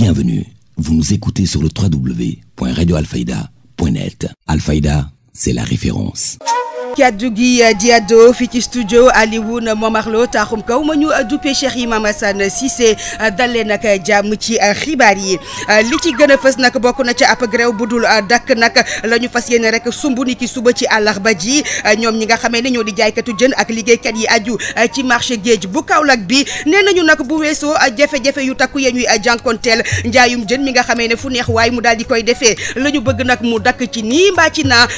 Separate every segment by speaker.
Speaker 1: bienvenue. Vous nous écoutez sur le www.radioalfayda.net.
Speaker 2: Alfayda, c'est la référence.
Speaker 3: kaddu gi eh, Diado fii ci studio Alioune Momar Lo taaxum kaw ma ñu eh, duppee Cheikh Imam si se dale nag jàmm ci eh, xibaar yi li ci gën a fës nag bokk na ci ab grève bu dul dakk nag la ñu fas yéene rek sumb ni ki suba ci ba ji ñoom ñi nga xamee ne ñoo di jaaykatu jën ak liggéeykat yi aju ci marché géej bu Kaolack bi nee nañu nag bu weesoo jafe-jafe yu takku yee ñuy jànkonteel njaayum jën mi nga xamee ne fu neex waaye mu daal di koy defee la ñu bëgg nag mu dakk ci nii mbaa ci naa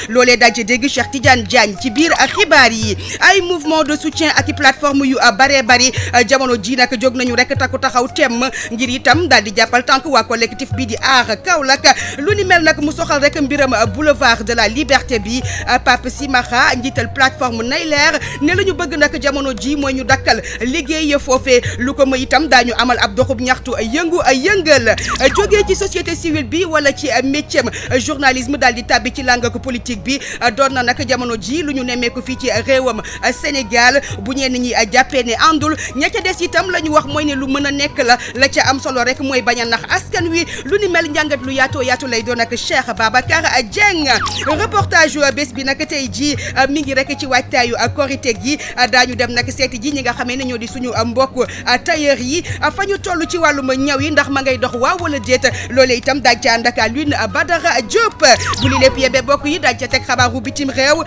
Speaker 3: ci biir xibaar yi ay mouvement de soutien ak i plateforme yu bare bari euh, jamono ji nag jóg nañu rek takku taxaw tem ngir itam daal di jàppal tànk waa collectif bi di aar Kaolack lu ni mel nag mu soxal rek mbiram boulevard de la liberté bi euh, Pape Simaxa njiital plateforme nay leer ne la ñu bëgg nag jamono ji mooy ñu dakkal liggéey foofee lu ko may itam daañu amal ab doxub ñaxtu yëngu yëngal jógee ci société civile bi wala ci métier journalisme daal di tàbbi ci làng politique bi euh, doon na jamono ji bi ñu nemmeeku fii ci réewam Sénégal bu ñenn ñi jàppee ne àndul ña des itam la ñu wax mooy ne lu mën a nekk la la ca am solo rek mooy bañ a nax askan wi lu ni mel njàngat lu yaato yaatu lay doon ak Cheikh Babacar Dieng reportage bés bi nag tey jii mi ngi rek ci waajtaayu korite gi daañu dem nag seet ji ñi nga xamee ne ñoo di suñu a mbokk tailleur yi fa ñu toll ci wàllu wàllum ñaw yi ndax ma ngay dox waaw wala déet loolee itam daaj ca ànd ak Lune Badara Diop bu li bokk yi daaj ca teg xabaaru bitim réew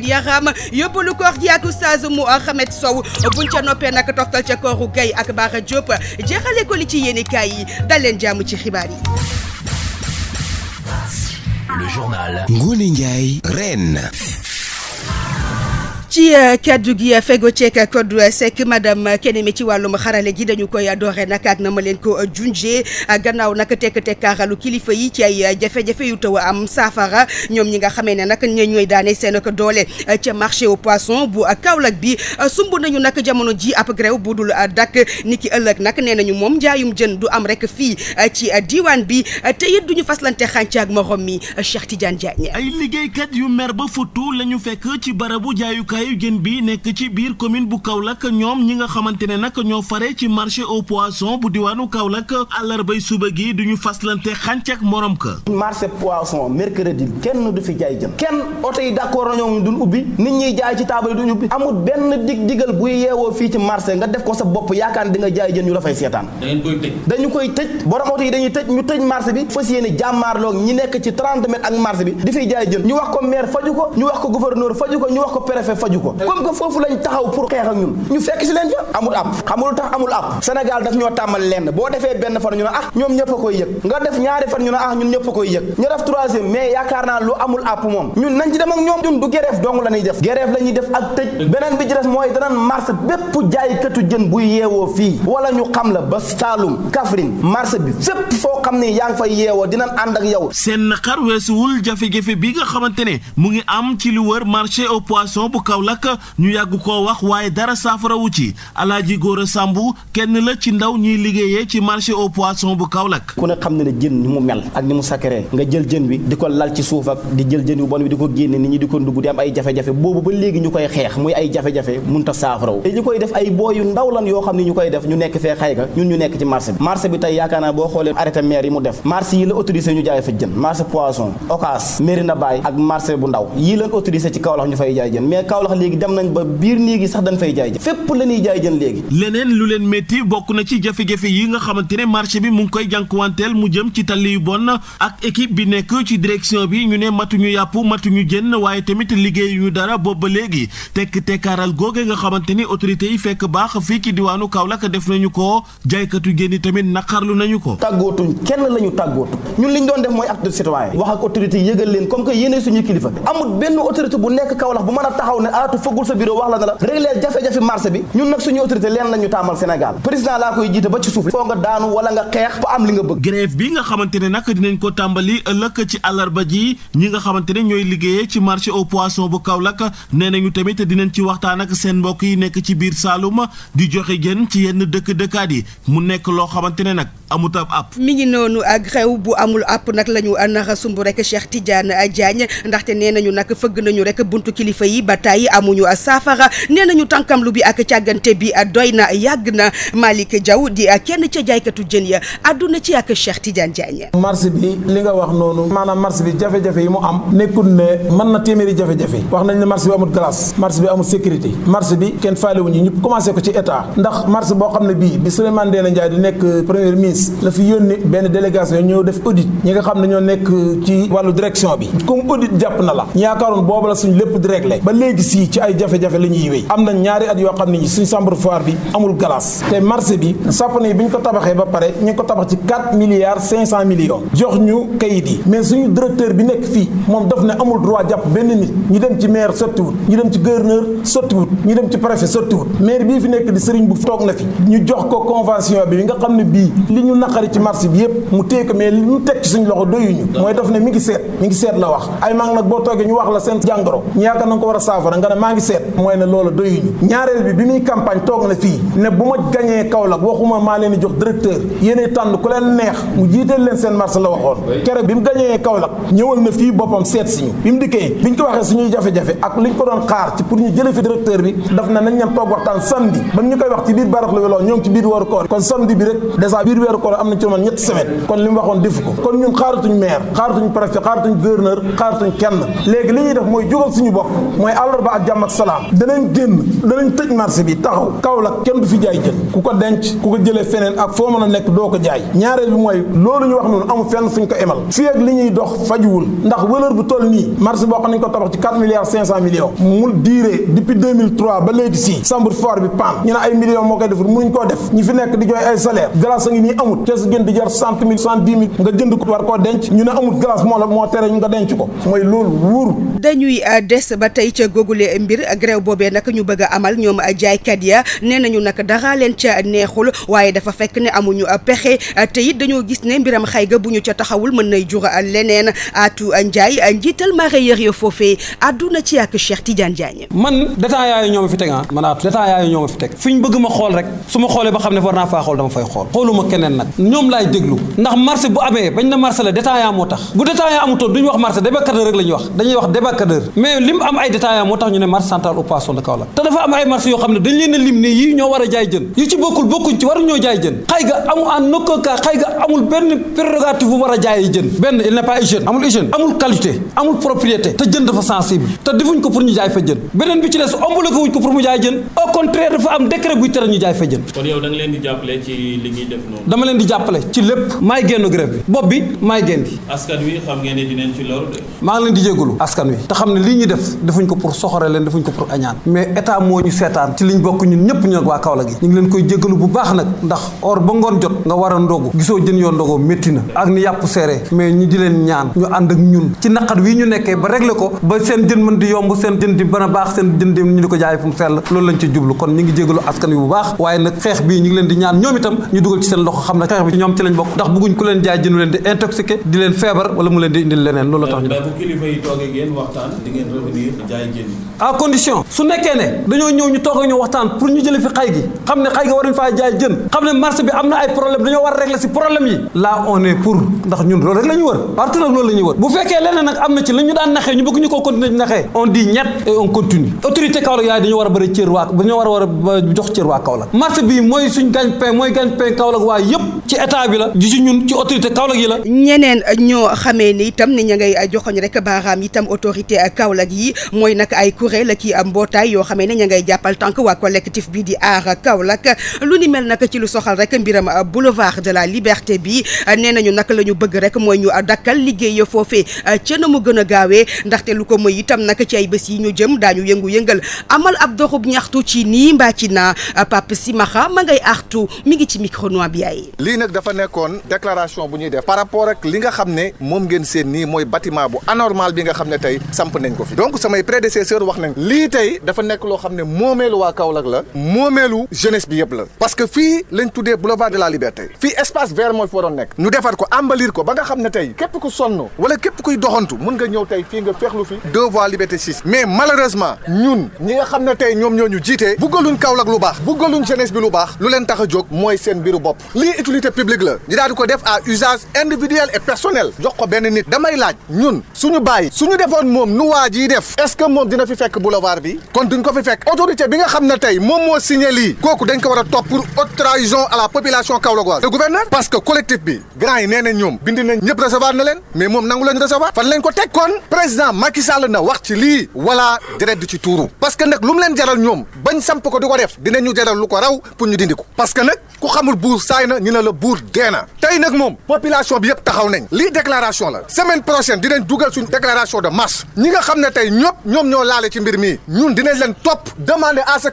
Speaker 3: tàggat yaram yóbbalu koor ji ak oustaz Sow buñ ca noppee nag toftal ca kooru gay ak Bara Diop jeexale ko li ci yéenekaay yi dal leen ci xibaar yi.
Speaker 4: Le journal Ngoné
Speaker 5: Ndiaye
Speaker 3: ci euh, kaddu gi euh, fego ceek Codou Seck madame euh, Keneme ci wàllum xarale gi dañu koy doore nag ak na ma leen ko junjee gannaaw nag tekk-tekkaaralu kilifa yi ci ay jafe-jafe yu taw am saafara ñoom ñi nga xamee ne nag ñoo ñooy daane seen ko doole ca marché au poisson bu Kaolack bi sumb nañu nag jamono ji ab grève bu dul dakk ni ki ëllëg nag nee nañu moom njaayum jën du am rek fii ci diwaan bi te it duñu faslante xànc ak morom mi Cheikh Tidiane Diagne
Speaker 4: ay liggéeykat jaayu jën bi nekk ci biir commune bu ka marché
Speaker 1: poisson mercredi kenn du fi jaay jën kenn oto yi d'accord nañoo duñ ubbi nit ñiy jaay ci taabal yi ubbi amul benn dig digal buy yeewoo fii ci marché nga def ko sa bopp yaakaar di nga jaay jën ñu la fay seetaan
Speaker 4: dañu
Speaker 1: koy tëj borom oto yi dañuy tëj ñu tëj marché bi fas yéene jàmmaarloog ñi nekk ci 30 mètres ak marché bi di fiy jaay jën ñu wax ko maire faju ko ñu wax ko gouverneur faju ko ñu wax ko préfet faju ko comme que foofu lañ taxaw pour xeex ak ñun ñu fekk si leen fa amul app xamul tax amul app Sénégal daf ñoo tàmmal lenn boo defee benn fan ñu ne ah ñoom ñëpp a koy yëg nga def ñaari fan ñu ne ah ñun ñëpp a koy yëg ñu def troisième mais yaakaar naa lu amul app moom ñun nañ ci dem ak ñoom ñun du grève dong la def grève la def ak tëj beneen bi ci mooy danañ marche bépp jaaykatu jën buy yeewoo fii wala ñu xam la ba Saalum Kaffrine marché bi
Speaker 4: Kaolack ñu yàgg koo wax waaye dara saafarawu ci Alaaji Góora Sàmbu kenn la ci ndaw ñuy liggéeyee ci marché o poisson bu
Speaker 1: Kaolack. ku ne xam na ne jën ni mu mel ak ni mu sakkare nga jël jën wi di ko lal ci suuf ak di jël jën wi bon wi di ko génne nit ñi di ko ndugg di am ay jafe-jafe boobu ba léegi ñu koy xeex muy ay jafe-jafe munta saafarawu te ñu koy def ay booy yu ndaw lan yoo xam ne ñu koy def ñu nekk fee xay ga ñun ñu nekk ci marché bi marché bi tey yaakaar boo xoolee arrêté maire yi mu def marché yi la autorisé ñu jaay fa jën bu ndaw yi leen autorisé ci Kaolack kaolax léegi dem nañ ba biir néeg sax dañ fay jaay jën fépp la jaay jën léegi
Speaker 4: leneen lu leen métti bokk na ci jafe-jafe yi nga xamante ne marché bi mu ngi koy jànkuwanteel mu jëm ci tali yu bon ak équipe bi nekk ci direction bi ñu ne matuñu yàpp matuñu jën waaye tamit liggéeyuñu dara boobu ba léegi tekk tekkaaral googe nga xamante ni autorités yi fekk baax fii ci diwaanu Kaolack def nañu ko jaaykatu jën yi tamit naqarlu nañu ko
Speaker 1: tàggootuñ kenn la ñu tàggootu ñun li ñu doon def mooy acte de citoyen wax ak autorités yëgal leen comme que yéene suñu kilifa bu nekk Kaolack bu a taxaw ne aatu fëggul sa bureau wax la ne la régler jafe-jafe marché bi ñun nag suñu autorité leen la ñu tàmmal Sénégal président laa koy jiite ba ci suuf foo nga daanu wala nga xeex ba am li nga
Speaker 4: bëgg grève bi nga xamante ne nag dinañ ko tàmbali ëllëg ci àllarba ji ñi nga xamante ne ñooy liggéeyee ci marché au poisson bu kaw Kaolack nee nañu tamit dinañ ci waxtaan ak seen mbokk yi nekk ci biir Saloum di joxe jën ci yenn dëkk-dëkkaat yi mu nekk loo xamante ne nag amut ab
Speaker 3: mi ngi noonu ak xew bu amul app nag la ñu nar a sumb rek Cheikh Tidiane Diagne ndaxte nee nañu nag fëgg nañu rek buntu kilifa yi ba tàyyi yi amuñu saafara nee nañu tànkam lu bi ak càggante bi doy na yàgg na Malick Diaw di kenn ca jaaykatu jën ya adduna ci ak Cheikh Tidiane Diagne.
Speaker 6: marché bi li nga wax noonu maanaam marché bi jafe-jafe yi mu am nekkul ne mën na téeméeri jafe-jafe wax nañ ne marché bi amul glace marché bi amul sécurité marché bi kenn faalewuñu ñu commencé ko ci état ndax marché boo xam ne bii bi Souleymane Ndéné Ndiaye di nekk premier ministre la fi yónni benn délégation ñëw def audit ñi nga xam ne ñoo nekk ci wàllu direction bi comme audit jàpp na la yaakaaroon boobu la lépp di réglé ba si ci ay jafe-jafe la ñuy wéy am na ñaari at yoo xam ne suñu chambre foire bi amul glace te marché bi sàpp na bi ñu ko tabaxee ba pare ñu ngi ko tabax ci 4 milliards 500 millions jox ñu kayit yi mais suñu directeur bi nekk fii moom daf ne amul droit jàpp benn nit ñu dem ci maire sottiwut ñu dem ci gouverneur sottiwut ñu dem ci préfet sottiwut maire bii fi nekk di sëriñ bu toog na fi ñu jox ko convention bi nga xam ne bii li ñu naqari ci marché bi yëpp mu téye ko mais li ñu teg ci suñu loxo doyuñu mooy daf ne mi ngi seet mi ngi seet la wax ay maang nag boo toogee ñu wax la seen jàng ñu nga ne maa ngi seet mooy ne loolu doyuñu ñaareel bi bi muy campagne toog na fii ne bu ma gañee Kaolack waxuma maa leen di jox directeur yéenay tànn ku leen neex mu jiiteel leen seen marché la waxoon keroog bi mu gañee Kaolack ñëwal na fii boppam seet si ñu bi ñu ko waxee suñuy jafe-jafe ak liñ ko doon xaar ci pour ñu jële fi directeur bi daf na nañ ñam toog waxtaan samedi ba ñu koy wax ci biir barax la weloo ñoo ngi ci biir weeru koor kon samedi bi rek dèjà li mu waxoon defu ko kon ñun xaaratuñ maire xaaratuñ kenn léegi li ñuy def mooy jógal suñu bopp mooy àllarba ak danañ génn danañ tëj marché bi taxaw Kaolack kenn du fi jaay jën ku ko denc ku ko jëlee feneen ak foo mën a nekk doo ko jaay ñaareel bi mooy loolu ñu wax noonu amul fenn fuñ ko emal fii li ñuy dox fajuwul ndax valeur bu toll nii marché boo xam nañ ko tabax ci milliards millions mu diire depuis ba léegi sii sambur fort bi paan ñu ne ay millions moo koy defar mënuñ koo def ñi fi nekk di jooy ay salaire glace a ngi nii amut kees gën di jar
Speaker 3: nga jënd yooyule mbir grève boobee nag ñu bëgg a amal ñoom jaaykat ya nee nañu nag dara leen ca neexul waaye dafa fekk ne amuñu pexe te it dañoo gis ne mbiram xay ga bu ñu ca taxawul mën nay jur leneen Atou a njiital mareyeur ya foofee àdduna ci ak Cheikh Tidiane Diagne.
Speaker 7: man détaillants yaayu ñoo ma fi teg ah. man Atou détaillants ma fi teg fi ñu bëgg ma xool xam ne war naa faa xool dama fay xool xooluma keneen nag ñoom laay la détaillant moo tax bu détaillant amutoon duñu wax marché débàccadeur rek la wax dañuy wax débàccadeur mais lim am ay détaillant tax tax ñu ne marché central au poisson de Kaolack te dafa am ay marché yoo xam ne dañ leen a lim ne yii ñoo war a jaay jën yu ci bokkul bokkuñ ci waru ñoo jaay jën xay ga amul en aucun xay ga amul benn prérogative bu war a jaay jën benn il n'est amul hygiène amul qualité amul propriété te jën dafa sensible te defuñ ko pour ñu jaay fa jën beneen bi ci des ombale ko wuñ ko pour mu jaay jën au contraire dafa am décret buy tere ñu jaay fa jën kon yow xore leen defuñ ko pour añaan mais état moo ñu seetaan ci liñ bokk ñun ñëpp ñu ak waa Kaolack gi ñu ngi leen koy jégalu bu baax nag ndax or ba ngoon jot nga war a ndogu gisoo jën yoo ndogoo métti na ak ni yàpp seere mais ñu di leen ñaan ñu ànd ak ñun ci naqat wi ñu nekkee ba régler ko ba seen jën mën di yomb seen jën di mën baax seen jën di ñu di ko jaay fu sell loolu lañ ci jublu kon ñu ngi jégalu askan wi bu baax waaye nag xeex bii ñu leen di ñaan ñoom itam ñu dugal à condition su nekkee ne dañoo ñëw ñu toog ak waxtaan pour ñu jële fi xay gi xam ne xay gi war nañ faa jaay jën xam ne marché bi am na ay problème dañoo war a régler si problème yi là on est pour ndax ñun loolu rek la ñu wër parti nag loolu la wër bu fekkee leneen nag am na ci la ñu daan naxee ñu bëgg ñu ko continuer di naxee on dit ñett et on continue autorité Kaolack a bëri war a war a jox cër waa Kaolack marché bi mooy suñ gagne-pain mooy gagne-pain Kaolack waa la di ci ñun ci autorité Kaolack yi la
Speaker 3: ñeneen ñoo xamee ni itam ni ña ngay joxoñ rek baaraam itam autorité Kaolack yi mooy nag ay kuréel ki am mbootaay yoo xamee ne ña ngay jàppal tànk waa collectif bi di aar Kaolack lu ni mel nag ci lu soxal rek mbiram boulevard de la liberté bi nee nañu nag la ñu bëgg rek mooy ñu dakkal liggéey foofee ca na mu gën a gaawee ndaxte lu ko moy itam nag ci ay bés yi ñu jëm daañu yëngu-yëngal amal ab doxub ñaxtu ci ni mbaa ci naa Pape Simaxa ma ngay artu mu ngi ci micro bi ay
Speaker 8: lii nag dafa nekkoon déclaration bu ñuy def par rapport ak li nga xam ne moom ngeen seen nii mooy bâtiment bu anormal bi nga xam ne tey wax nañ lii tey dafa nekk loo xam ne moomeelu waa Kaolack la moomeelu jeunesse bi yëpp la parce que fii lañ tuddee boulevard la liberté fii espace vert mooy fi waroon nekk ñu defar ko embalir ko ba nga xam ne tey képp ku sonn wala képp kuy doxantu mun nga ñëw tey fii nga feexlu fi deux voies liberté six mais malheureusement ñun ñi nga xam ne tey ñoom ñoo ñu jiitee buggaluñ Kaolack lu baax buggaluñ jeunesse bi lu baax lu leen tax a jóg mooy seen mbiru bopp lii utilité publique la ñu daal di ko fekk bi kon duñ nga xam ne tey moom moo signé lii kooku dañ ko war a pour haute trahison à la population kaolackoise le gouverneur parce que collectif bi grand yi nee ñoom bindi nañ ñëpp na leen mais moom nangu leen recevoir fan lañ ko teg président Macky na wax ci lii wala deret du ci tuuru parce que nag lu mu leen jaral ñoom bañ samp ko di ko def dinañu jaral lu ko raw pour ñu dindi parce que nag ku xamul buur saay ci mbir mi ñun dinañ leen topp demander à ce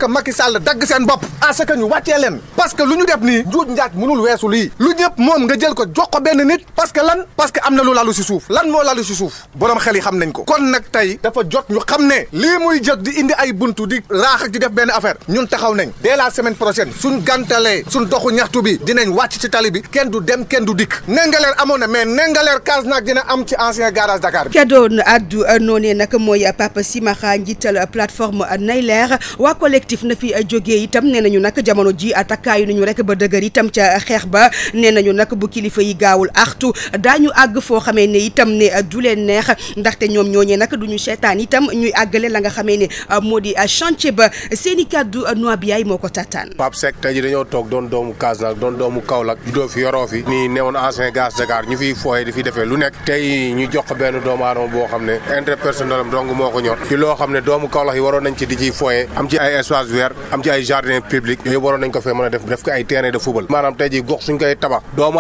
Speaker 8: dagg seen bopp à ñu wàccee leen parce lu ñu def nii njuuj njaaj mënul weesu lii lu ñëpp moom nga jël ko jox ko benn nit parce lan parce que am na lu lalu si suuf lan moo lalu si suuf boroom xel yi xam nañ ko kon nag tey dafa jot ñu xam ne lii muy jëg di indi ay buntu di raax ak di def benn affaire ñun taxaw nañ dès la semaine prochaine suñ gàntalee suñ doxu ñaxtu bi dinañ wàcc ci tali bi kenn du dem kenn du dikk na
Speaker 3: mais Ndingler njiital plateforme Nayleer waa collectif na fi jógee itam nee nañu nag jamono ji attakkaayu nañu rek ba dëgër itam ca xeex ba nee nañu nag bu kilifa yi gaawul axtu daañu àgg foo xamee ne itam ne du leen neex ndaxte ñoom ñooñee nag du ñu seetaan itam ñuy àggale la nga xamee ne moo di chantier ba seen i kàddu noa bi yaay moo ko tàttaan
Speaker 9: Pape Seck tey ji dañoo toog doon doomu Kaasnak doon doomu Kaolack juddoo fi yoroo fi nii newoon ancien gaz Dakar ñu fiy fooye fi defee lu nekk ñu jox benn doomu aadama boo xam ne doomu Kaolack waroon nañ ci di ciy foye am ci ay espace vert am ci ay jardin public yooyu waroon nañ ko fee mën a def def ko ay terrain de football maanaam tey ji gox suñ koy tabax doomu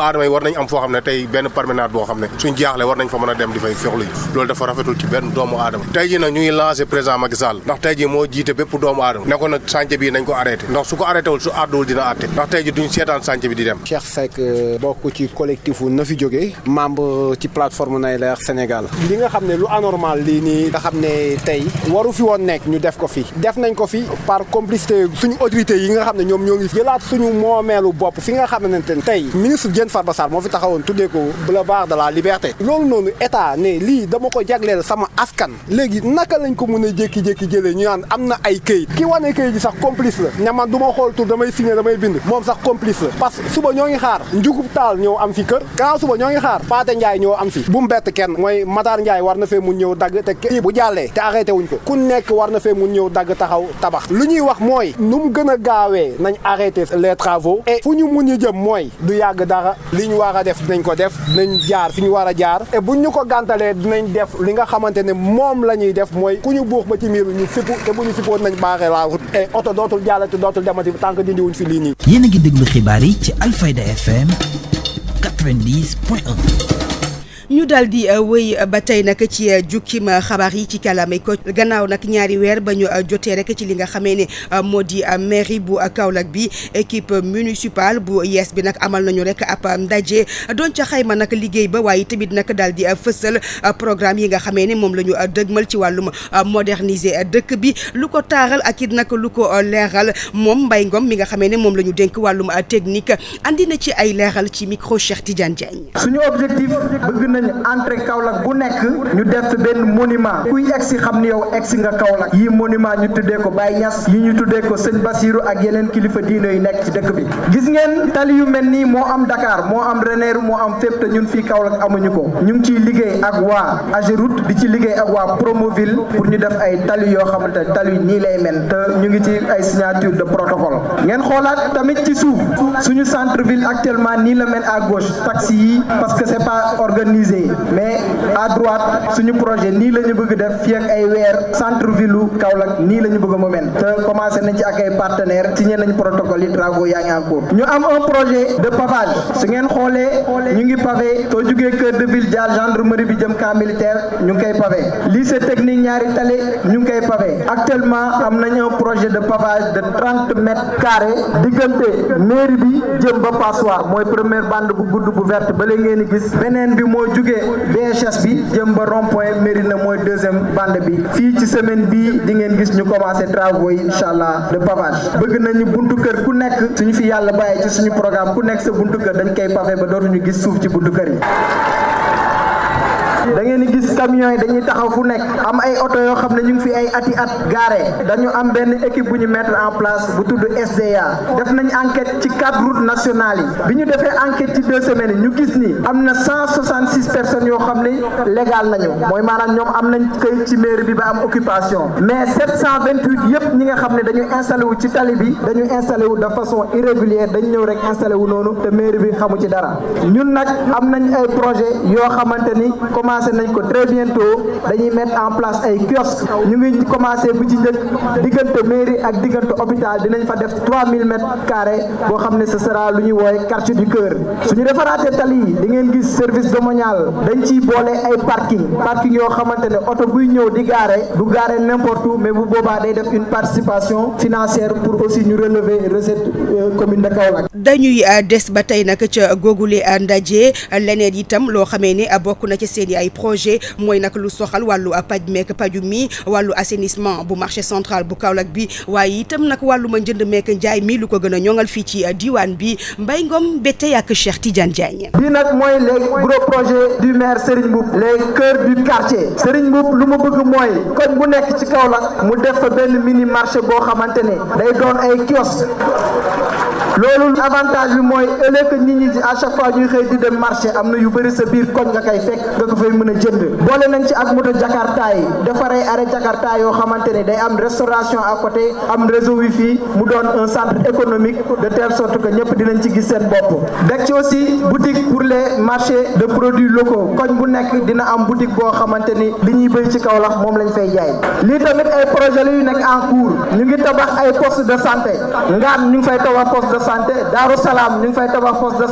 Speaker 9: ndax tey moo jiite bépp doomu aadama ne ko nag chantier bi nañ ko arrêté ndax su ko arrêté su àdduwul dina àtte ndax tey ji duñ seetaan chantier bi di dem
Speaker 10: Cheikh Seck euh, bokk ci collectif na fi
Speaker 11: jógee membre ci plateforme nay leer Sénégal
Speaker 10: li nga xam ne lu anormal fi woon nekk ñu def ko fi def nañ ko fi par complicité suñu autorité yi nga xam ne ñoom ñoo ngi jëlaat suñu moomeelu bopp fi nga xamante ne tey ministre Diène Farba Sarr moo fi taxawoon tuddee ko boulevard de la liberté loolu noonu état ne lii dama ko jagleel sama askan léegi naka lañ ko mën a jékki-jékki jëlee ñu naan am na ay këyit ki wane këyit yi sax complice la ne man du ma xool tur damay signé damay bind moom sax complice la parce que suba ñoo ngi xaar njugub taal ñoo am fi kër gannaaw suba ñoo ngi xaar Paate Njaay ñoo am fi bu mu bett kenn mooy Matar Njaay war na fee mun ñëw dagg te bu jàllee te arrêté wuñ ko ku nekk war na fee mun ñëw dagg taxaw tabax lu ñuy wax mooy nu mu gën a gaawee nañ arrêté les travaux et fu ñu mun ñu jëm mooy du yàgg dara li ñu war a def dinañ ko def dinañ jaar fi ñu war a jaar et buñ ñu ko gàntalee dinañ def li nga xamante ne moom la ñuy def mooy ku ñu buux ba ci miir ñu fippu te bu ñu fippoon nañ baaxee la route et oto dootul jàllati dootul demati tànk dindiwuñ fi lii nii.
Speaker 1: yéen a ngi déglu xibaar yi ci Alfayda FM
Speaker 3: ñu daal di euh, wéy euh, ba tey nag ci euh, jukkim xabaar yi ci kàllaamay ko gannaaw nag ñaari weer ba ñu jotee rek ci li nga xamee ne moo di mairie bu Kaolack bi équipe municipale bu yees bi nag amal nañu rek ab ndaje doon ca xayma nag liggéey ba waaye tamit nag daal di fësal programme yi nga xamee ne moom la ñu dëgmal ci wàllum moderniser dëkk bi lu ko taaral ak it nag lu ko leeral moom Mbaye Ngom mi nga xamee ne moom la ñu dénk wàllum technique andi na ci ay leeral ci micro Cheikh Tidiane Diagne.
Speaker 12: suñu nañu entrée Kaolack bu nekk ñu def benn monument kuy egsi xam ni ko Baye Niass yi ñu tuddee ko sëñ Basiru ak yeneen kilifa diine yu nekk ci dëkk bi gis ngeen tali yu mel nii moo am moo am Renéeru moo am fépp te ñun fii Kaolack amuñu ko ñu ngi ciy liggéey ak waa Ageroute di ci liggéey ak waa Promoville ñu def ay tali yoo xamante ne tali nii lay mel te ñu ngi ci ay signature de protocole ngeen xoolaat tamit ci suuf suñu centre ville actuellement nii la mel à taxi yi parce que c'est pas organisé budgétiser mais à droite suñu projet nii la bëgg def fii ak ay weer centre ville u Kaolack nii la ñu bëgg mu mel te commencé nañ ci ak ay partenaires signé nañ protocole yi travaux yaa ngi en cours ñu am un projet de pavage su ngeen xoolee ñu ngi pavé soo jugee cœur de ville jaar gendarmerie bi jëm camp militaire ñu ngi koy pavé lycée technique ñaari tali ñu ngi koy pavé actuellement am nañ un projet de pavage de trente mètres carrés diggante mairie bi jëm ba passoire mooy première bande bu gudd bu verte jugee DHS bi jëm ba rond na mooy deuxième bande bi fii ci semaine bii di ngeen gis ñu commencé travaux yi incha allah de pavage bëgg nañu buntu kër ku nekk suñu fi yàlla bàyyi ci suñu programme ku nekk sa buntu kër dañ koy pavé ba dootuñu gis suuf ci buntu kër yi. da ngeen di gis camions yi dañuy taxaw fu nekk am ay oto yoo xam ne ñu ngi fi ay ati at garé dañu am benn équipe bu ñu mettre en place bu tudd SDA def nañ enquête ci quatre routes nationales yi bi ñu defee enquête ci deux semaines ñu gis ni am na yoo xam ne légal nañu mooy maanaam ñoom am nañ këyit ci mairie bi ba am occupation mais 728 ñi nga xam ne dañu installé ci tali bi dañu installé de façon irrégulière dañ ñëw rek installé wu noonu te mairie bi xamu ci dara ñun nag commencé nañ ko très bientôt dañuy mettre en place ay kiosque ñu ngi commencé bu fa def 3000 mètres carrés boo xam ne ce sera lu ñuy woowe quartier du cœur suñu defaraatee tali yi di ngeen gis service domanial dañ ciy boole ay parking parking yoo ne oto buy ñëw di gaare du gaare n'importe où mais bu boobaa day def une participation financière pour aussi ñu relever recette euh, commune de Kaolack
Speaker 3: dañuy euh, des ba tey nag ca googule euh, ndaje leneen itam loo xamee ne bokk na ci seen ay projet mooy nag lu soxal wàllu paj meek paju mi wàllu assainissement bu marché central bu Kaolack bi waaye itam nag wàllu ma njënd meek njaay mi lu ko gën a ñoŋal fii ci euh, diwaan bi Mbaye Ngom Bete ak Cheikh Tidiane Diagne.
Speaker 12: bi nag mooy les gros projets du maire Serigne Mboup les cœurs du quartier Serigne Mboup lu mu bëgg mooy koñ bu nekk ci Kaolack mu def fa benn mini marché boo xamante ne day doon ay kiosque loolu avantage bi mooy ëllëg nit ñi à chaque fois am na yu bëri sa koy mën a jënd boole nañ ci ak moto jakarta yi defaree arrêt jakarta yoo xamante day am restauration à côté am réseau wifi mu doon un centre économique de telle sorte que ñëpp dinañ ci gis seen bopp deg ci aussi boutique pour les marchés de produits locaux koñ bu nekk dina am boutique boo xamante ni li ñuy bëy ci Kaolack moom lañ fay jaay lii tamit ay projet la yu nekk en cours ñu ngi tabax ay poste de santé Ngane ñu ngi fay tabax poste de santé Darou Salaam ñu ngi fay tabax poste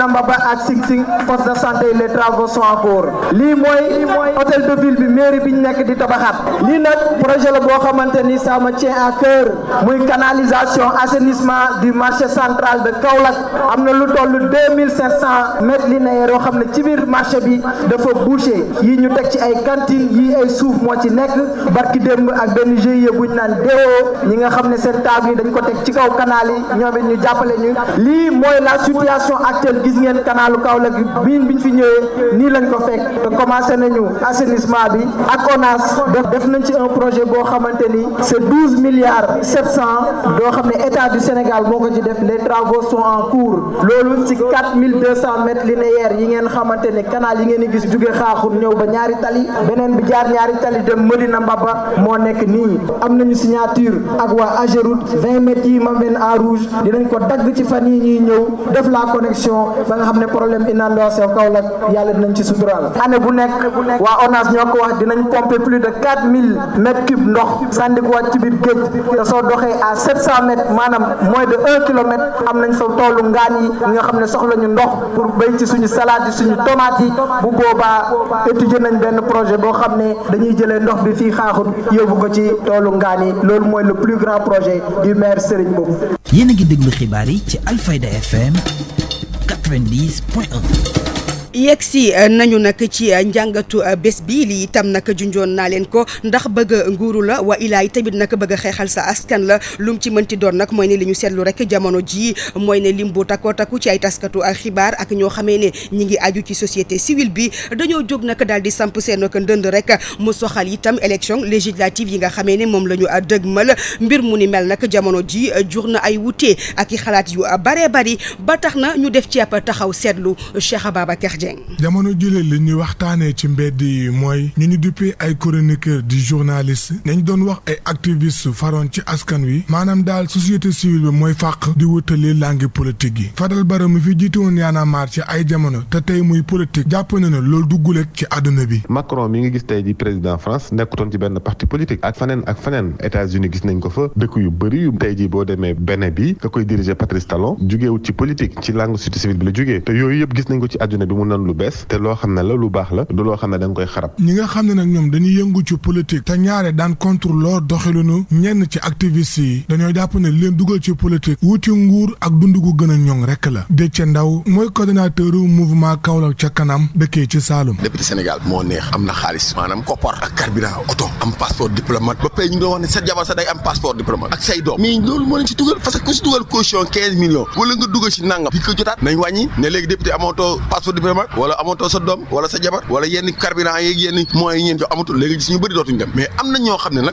Speaker 12: Namba Ba ak Sing Sing force de santé les travaux sont en cours lii mooy hôtel de ville bi mairie bi ñu nekk di tabaxaat lii nag projet la boo xamante ni ça me tient à muy canalisation assainissement du marché central de Kaolack am na lu toll deux mille cinq cent mètres linéaires yoo xam ne ci biir marché bi dafa bouché yi ñu teg ci ay cantine yi ay suuf moo ci nekk barki démb ak benn GIE bu ñu naan déwoo ñi nga xam ne seen table yi dañ ko teg ci kaw canal yi ñoom it ñu jàppale ñu lii mooy la gis ngeen canaalu Kaolack bi ñu fi ñëwee nii lañ ko fekk te commencé nañu assainissement bi ak ONAS def nañ ci un projet boo xamante ni c'est douze milliards sept cent doo xam ne état du Sénégal moo ko ci def les travaux sont en cours loolu ci quatre mille deux cent yi ngeen xamante ni canal yi ngeen gis jóge xaaxul ñëw ba ñaari tali beneen bi jaar ñaari tali dem na Mbaba moo nekk nii am nañu signature ak waa Ageroute vingt mètres yi ma mel en rouge dinañ ko dagg ci fan yi ñuy ñëw def la connexion ba nga xam ne problème inondation Kaolack yàlla dinañ ci suturaal année bu nekk waa ONAS ñoo ko wax dinañ pomper plus de 4000 mètres cubes ndox sànni ko waat ci biir géej te soo doxee à 700 mètres maanaam moins de 1 kilomètre am nañ sa toolu ngaan yi nga xam ne soxla ñu ndox pour béy ci suñu salade yi suñu tomate yi bu boobaa étudier nañ benn projet boo xam ne dañuy jëlee ndox bi fii xaaxut yóbbu ko ci toolu ngaan yi loolu mooy le plus grand projet du maire Serigne Mboup. yéen a ngi xibaar yi ci Alfayda FM.
Speaker 5: 90 point 1
Speaker 3: yegg si euh, nañu nag ci euh, njàngatu euh, bés bi lii itam nag junjoon naa leen ko ndax bëgg nguuru la wa ilaay tamit nag bëgg a xeexal sa askan la lu mu ci mënti doon nag mooy ne li ñu seetlu rek jamono jii mooy ne lim bu takkoo takku ci ay taskatu ak xibaar ak ñoo xamee ne ñu ngi aju ci société civile bi dañoo jóg nag daal di samp seen ndënd rek mu soxal itam élection législative yi nga xamee ne moom la ñu dëgmal mbir mu ni mel nag jamono ji jur na ay wutee ak i xalaat yu baree bari ba tax na ñu def ci taxaw seetlu Cheikh Ababacar Dieng.
Speaker 13: jamono jëlee li ñuy waxtaanee ci mbedd yi mooy ñu ñu duppee ay chroniqueur di journaliste nañu doon wax ay activiste faroon ci askan wi maanaam daal société civile bi mooy fàq di wutale langue politique yi Fadel Barro mi fi jiite woon Y'en a ci ay jamono te tey muy politique jàpp na ne loolu dugguleeg ci
Speaker 14: àdduna bi. Macron mi ngi gis tey di président France nekkutoon ci benn parti politique ak faneen ak faneen États-Unis gis nañ ko fa dëkk yu bari yu tey jii demee benn bi ka koy diriger Patrice ci politique ci langue société civile bi la jugee te nan lu bees te loo xam ne la lu baax la du loo xam ne da nga koy xarab
Speaker 13: ñi nga xam ne nag ñoom dañuy yëngu ci politique te ñaare daan contre loo doxilinu ñenn ci activistes yi dañoo jàpp ne leen dugal ci politique wuti nguur ak dund gu gën a ñoŋ rek la Déthié Ndao mooy coordinateur mouvement Kaolack ca kanam dëkkee ci Saloum
Speaker 10: député Sénégal moo neex am na xaalis maanaam koppar ak carburant oto am passeport diplomate ba pay ñu ngi wax ne sa jabar sa day am passeport que ko jotaat nañ wàññi mag wala amatoo sa doom wala sa jabar wala yenn carburant yeeg yenn moyens yi ngeen am na ñoo xam ne naa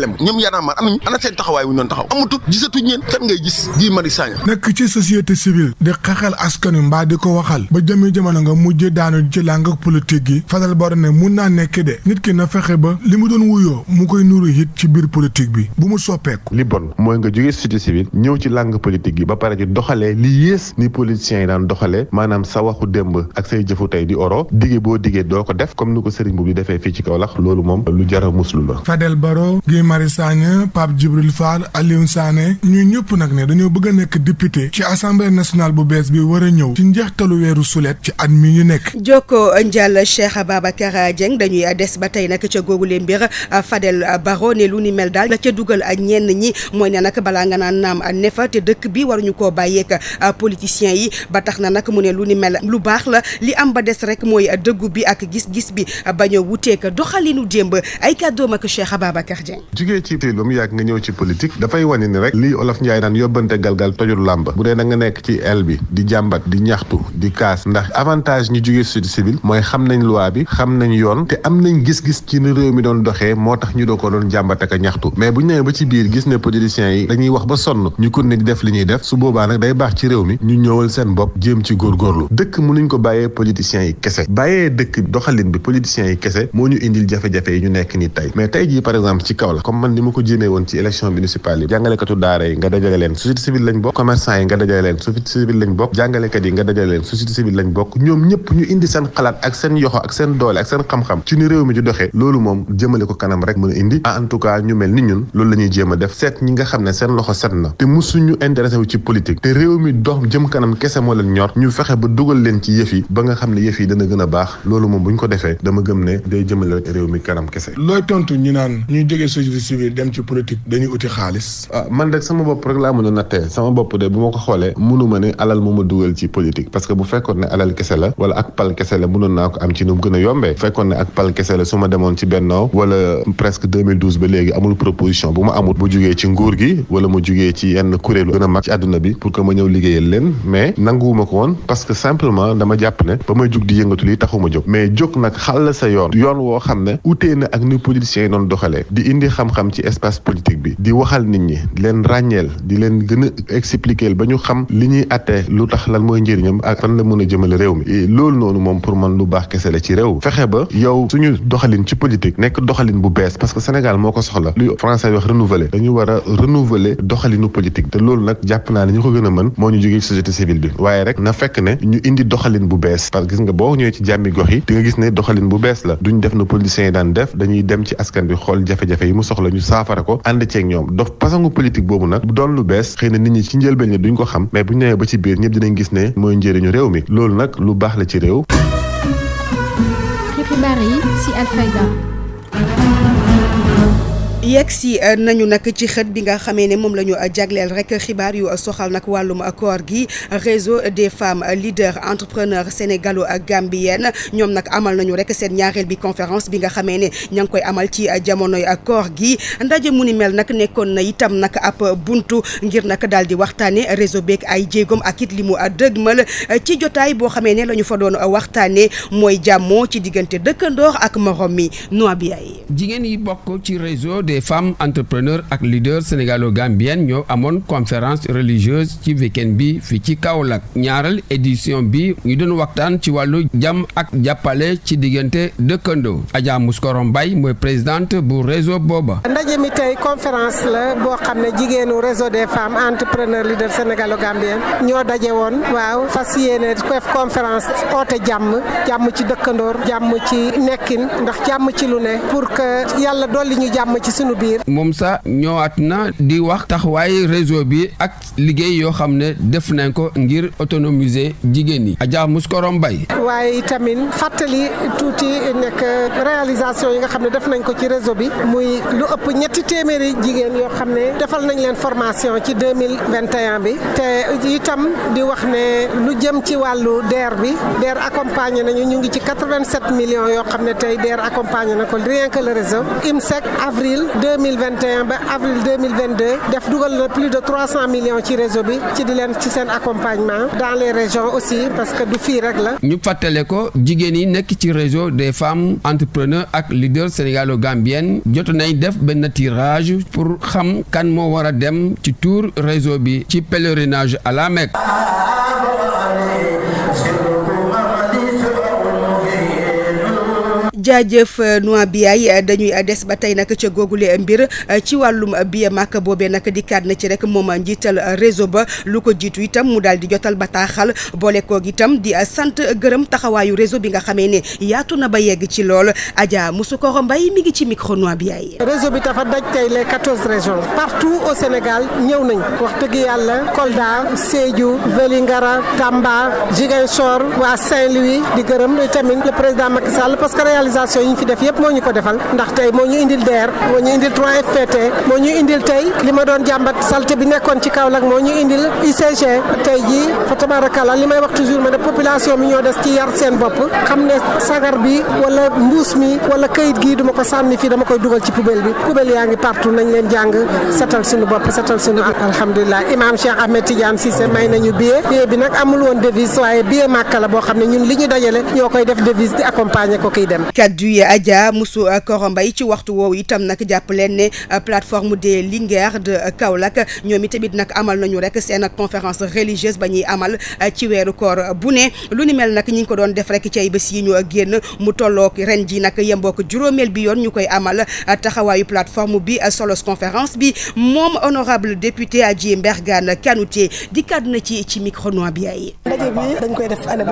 Speaker 10: ne ana ñu ana seen taxawaay wu ñu doon taxaw amatut gisatuñ leen kan ngay gis Guy
Speaker 13: nekk ci société civile di xaxal askan mbaa di ko waxal ba jëmi jamono nga mujj daanu ci làng politique gi Fadel Barro ne mun naa nekk de nit ki na fexe ba li mu doon wuyo mu koy nuru it ci biir politique bi bu mu soppeeku
Speaker 14: li bon mooy nga jógee société civile ñëw ci làng politique gi ba pare di doxalee li yées ni politiciens yi daan doxalee maanaam sa waxu démb ak say jëfu tey di oro digee boo digee doo ko def comme ni ko sëriñ bu bi defee fii ci Kaolack loolu moom lu jara muslu la
Speaker 13: Djibril Fall Aliou Sané ñuy ñëpp nag ne dañoo bëgg a nekk député ci assemblée nationale bu bees bi war a ñëw ci njeextalu weeru sulet ci at mi ñu nekk.
Speaker 3: Jokko Ndiall Cheikh Babacar Dieng dañuy des ba tey nag ca googu leen mbir Fadel Baro ne lu ni mel daal la ca dugal ñenn ñi mooy ne nag balaa nga naan naam ne fa te dëkk bi waruñu koo bàyyeek politiciens yi ba tax na nag mu ne lu ni mel lu baax la li am ba des rek mooy dëggu bi ak gis-gis bi bañ a wuteek doxalinu ay kàddoom ak Cheikh
Speaker 14: ñëw ci politique dafay wane ni rek lii olof njaay naan yóbbante galgal tojul làmb bu dee da nekk ci el bi di jàmbat di ñaxtu di kaas ndax avantage ñu jóge société civile mooy xam nañ loi bi xam nañ yoon te am nañ gis-gis ci ni réew mi doon doxee moo tax ñu doo ko doon jàmbat ak a ñaxtu mais bu ñu nee ba ci biir gis ne politiciens yi dañuy wax ba sonn ñu kon ne di def li ñuy def su boobaa nag day baax ci réew mi ñu ñëwal seen bopp jéem ci góorgóorlu dëkk mënuñ ko bàyyee politiciens yi kese bàyyee dëkk doxalin bi politiciens yi kese moo ñu indil jafe-jafe yi ñu nekk ni tey mais tey jii par exemple ci kaw la comme man ni élection municipale yi jàngalekatu daara yi nga dajale leen société civile lañ bokk commerçant yi nga dajale leen société civile lañ bokk jàngalekat yi nga dajale leen société civile lañ bokk ñoom ñëpp ñu indi seen xalaat ak seen yoxo ak seen doole ak seen xam-xam ci ni réew mi di indi en tout cas ñu mel ni ñun loolu la ñuy jéem xam ci politique réew mi dox jëm kanam kese moo leen ñor ñu fexe ba dugal leen ci yëf yi
Speaker 13: dañuy uti xaalis.
Speaker 14: Ah, man de sama bopp rek laa a nattee sama bopp bu ma ko xoolee munu ma dugal ci politique parce que bu fekkoon ne alal kese la wala ak pal kese la mënoon naa ko am ci nu mu ma amul proposition bu ma amul bu jugee ci nguur gi wala mu jugee ci yenn kuréelu gën a mag ci àdduna bi pour que ma ñëw liggéeyal leen mais nanguwuma ko woon parce que simplement dama jàpp ne ba may jug di yëngatu lii taxuma jóg mais jóg nag xàll sa yoon yoon woo xam ne utee na ak ni politiciens yi doon doxalee di indi xam-xam ci espace politique politique bi di waxal nit ñi di leen ràññeel di leen gën a ba ñu xam li ñuy attee lu tax lan mooy njariñam ak fan la mën a jëmale réew mi lool noonu moom pour man lu baax kese la ci réew fexe ba yow suñu doxalin ci politique nekk doxalin bu bees parce que Sénégal moo ko soxla lu français wax renouveler dañu war a renouveler doxalinu politique te loolu nag jàpp naa ne ñu ko gën a mën moo ñu jógee ci société civile bi waaye rek na fekk ne ñu indi doxalin bu bees parce que gis nga boo ñëwee ci jàmmi gox yi di nga gis ne doxalin bu bees la duñ def na politiciens yi daan def dañuy dem ci askan bi xool jafe yi mu soxla ànd ceeg ñoom dof façon politique boobu nag doon lu bees xëy na nit ñi ci njëlbeen ñi duñ ko xam mais bu ñu nee ba ci biir ñëpp dinañ gis ne mooy njëriñu réew mi loolu nag lu baax la ci réew
Speaker 3: yegg si euh, nañu nag ci xët bi nga xamee ne moom la ñu euh, jagleel rek xibaar yu soxal nag wàllum euh, koor gi réseau des femmes leaders entrepreneurs sénégalo gambienne ñoom nag amal nañu rek seen ñaareel bi conférence bi nga xamee ne ña ngi koy amal ci jamonoy koor gi ndaje mu ni mel nag nekkoon na itam nag ab buntu ngir nag daal di waxtaane réseau beeg ay jéegoom ak it li mu dëgmal ci jotaay boo xamee ne la ñu fa doon waxtaane mooy jàmmoo ci diggante dëkkandoor ak morom mi noa bi ay
Speaker 10: jigéen yi bokk ci des femmes entrepreneurs ak leaders sénégalo-gambiennes ñoo amoon conférence religieuse ci weekend bi fii ci Kaolack ñaareel édition bi ñu doon waxtaan ci wàllu jàmm ak jàppale ci diggante dëkkandoo Adja Mouskorom Mbaye mooy présidente bu réseau booba.
Speaker 5: ndaje mi tey conférence la boo xam ne jigéenu réseau des femmes entrepreneurs leaders sénégalo-gambiennes ñoo daje woon waaw fas yéene def conférence oote jàmm jàmm ci dëkkandoor jàmm ci nekkin ndax jàmm ci lu ne pour
Speaker 10: sunu moom sax ñoowaat na di wax taxawaay réseau bi ak liggéey yoo xam ne def nañ ko ngir autonomiser jigéen ñi. Adja Mouskoro Mbaye.
Speaker 5: waaye tamit fàttali tuuti nekk réalisation yi nga xam ne def nañ ko ci réseau bi muy lu ëpp ñetti téeméeri jigéen yoo xam ne defal nañ leen formation ci deux mille vingt bi te itam di wax ne lu jëm ci wàllu DER bi DER accompagné nañu ñu ngi ci quatre vingt sept millions yoo xam ne tey DER accompagné na ko rien que réseau IMSEC avril. deux mille vingt et ba avril deux mille def dugal na plus de trois cent millions ci réseau bi ci di leen ci seen accompagnement dans les régions aussi parce que du fii rek la.
Speaker 10: ñu fàttale ko jigéen yi nekk ci réseau des femmes entrepreneurs ak leaders sénégalo-gambiennes jot nañ def benn tirage pour xam kan moo war a dem ci tour réseau bi ci pelerinage à la Mecque.
Speaker 3: jaajëf euh, noi biyaay euh, dañuy euh, des ba tey nag ca googule mbir ci wàllum biya màkk boobee nag dikkaat na ci rek moom njiital réseau ba lu ko jiitu itam mu daal di jotal bataaxal boole koog itam di sant gërëm taxawaayu réseau bi nga xamee ne yaatu na ba yegg ci lool Adja Moussoukoro Mbaye mi ngi ci micro noi
Speaker 5: biyaay. réseau bi dafa daj tey les quatorze régions partout au Sénégal ñëw nañ wax dëgg yàlla Kolda Sédhiou Vélingara Tamba Ziguinchor waa Saint-Louis réalisation yi ñu fi def yëpp moo ñu ko defal ndax tey moo ñu indil DER moo ñu indil 3 moo ñu indil tey li ma doon jàmbat salte bi nekkoon ci kaw Kaolack moo ñu indil ICG tey jii fa tabaarakalla li may wax toujours ma ne population bi ñoo des ci yar seen bopp xam ne sagar bi wala mbuus mi wala kayit gii duma ko sàmmi fii dama koy dugal ci poubelle bi poubelle yaa ngi partout nañ leen jàng satal suñu bopp satal suñu alhamdulilah imam Cheikh Ahmed Tidiane Cissé may nañu billet billet bi nag amul woon devise waaye billet màkka la boo xam ne ñun li ñu dajale ñoo koy def devise di accompagner ko kiy dem kaddu yi Adja Moussou Koro Mbaye ci waxtu woowu
Speaker 3: itam nag jàpp leen ne euh, plateforme des Linguères de euh, Kaolack ñoom itamit nag amal nañu rek seen ak conférence religieuse ba ñuy amal euh, ci weeru koor bu ne lu ni mel nag ñi ngi ko doon def rek cey ay bés yi ñu génn mu tollook ren ji nag yemboo ko juróomeel bi yoon ñu koy amal taxawaayu plateforme bi solos conférence bi moom honorable député Adji Mbergane
Speaker 2: Kanouté di kàddu na ci ci micro bi ay ndaje bi dañ koy def année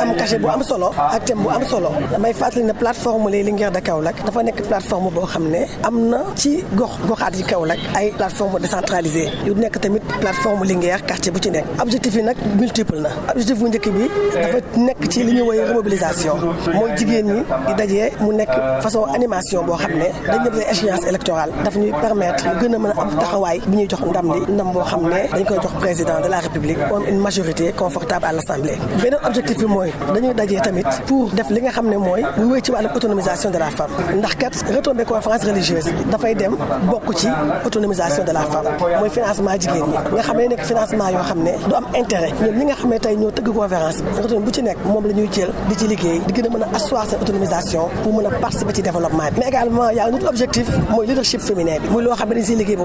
Speaker 2: am cachet bu am solo ak thème bu am solo may fàttali na plateforme les Linguère de Kaolack dafa nekk plateforme boo xam ne am na ci gox goxaat kaw Kaolack ay plateforme décentralisée yu nekk tamit plateforme Linguère quartier bu ci nekk objectif yi nag multiple na objectif bu njëkk bi dafa nekk ci li ñuy woowee remobilisation mooy jigéen di dajee mu nekk façon animation boo xam ne dañ ñëpp ay échéance électorale daf ñuy permettre gën a mën am taxawaay bi ñuy jox ndam li ndam xam ne dañ koy jox président de la république comme une majorité confortable à l'assemblée bi mooy dañuy dajee tamit pour def li nga xam ne mooy bu wéy ci wàllu autonomisation de la femme ndax kat retombée conférence religieuse dafay dem bokk ci autonomisation de la femme mooy financement jigéen ñi nga xam ne tey ñoo tëgg conférence moom la jël di ci liggéey di gën a mën a asseoir seen autonomisation pour mën a participer développement mais également y a un autre objectif mooy leadership féminin muy loo xam ne dañ siy liggéey bu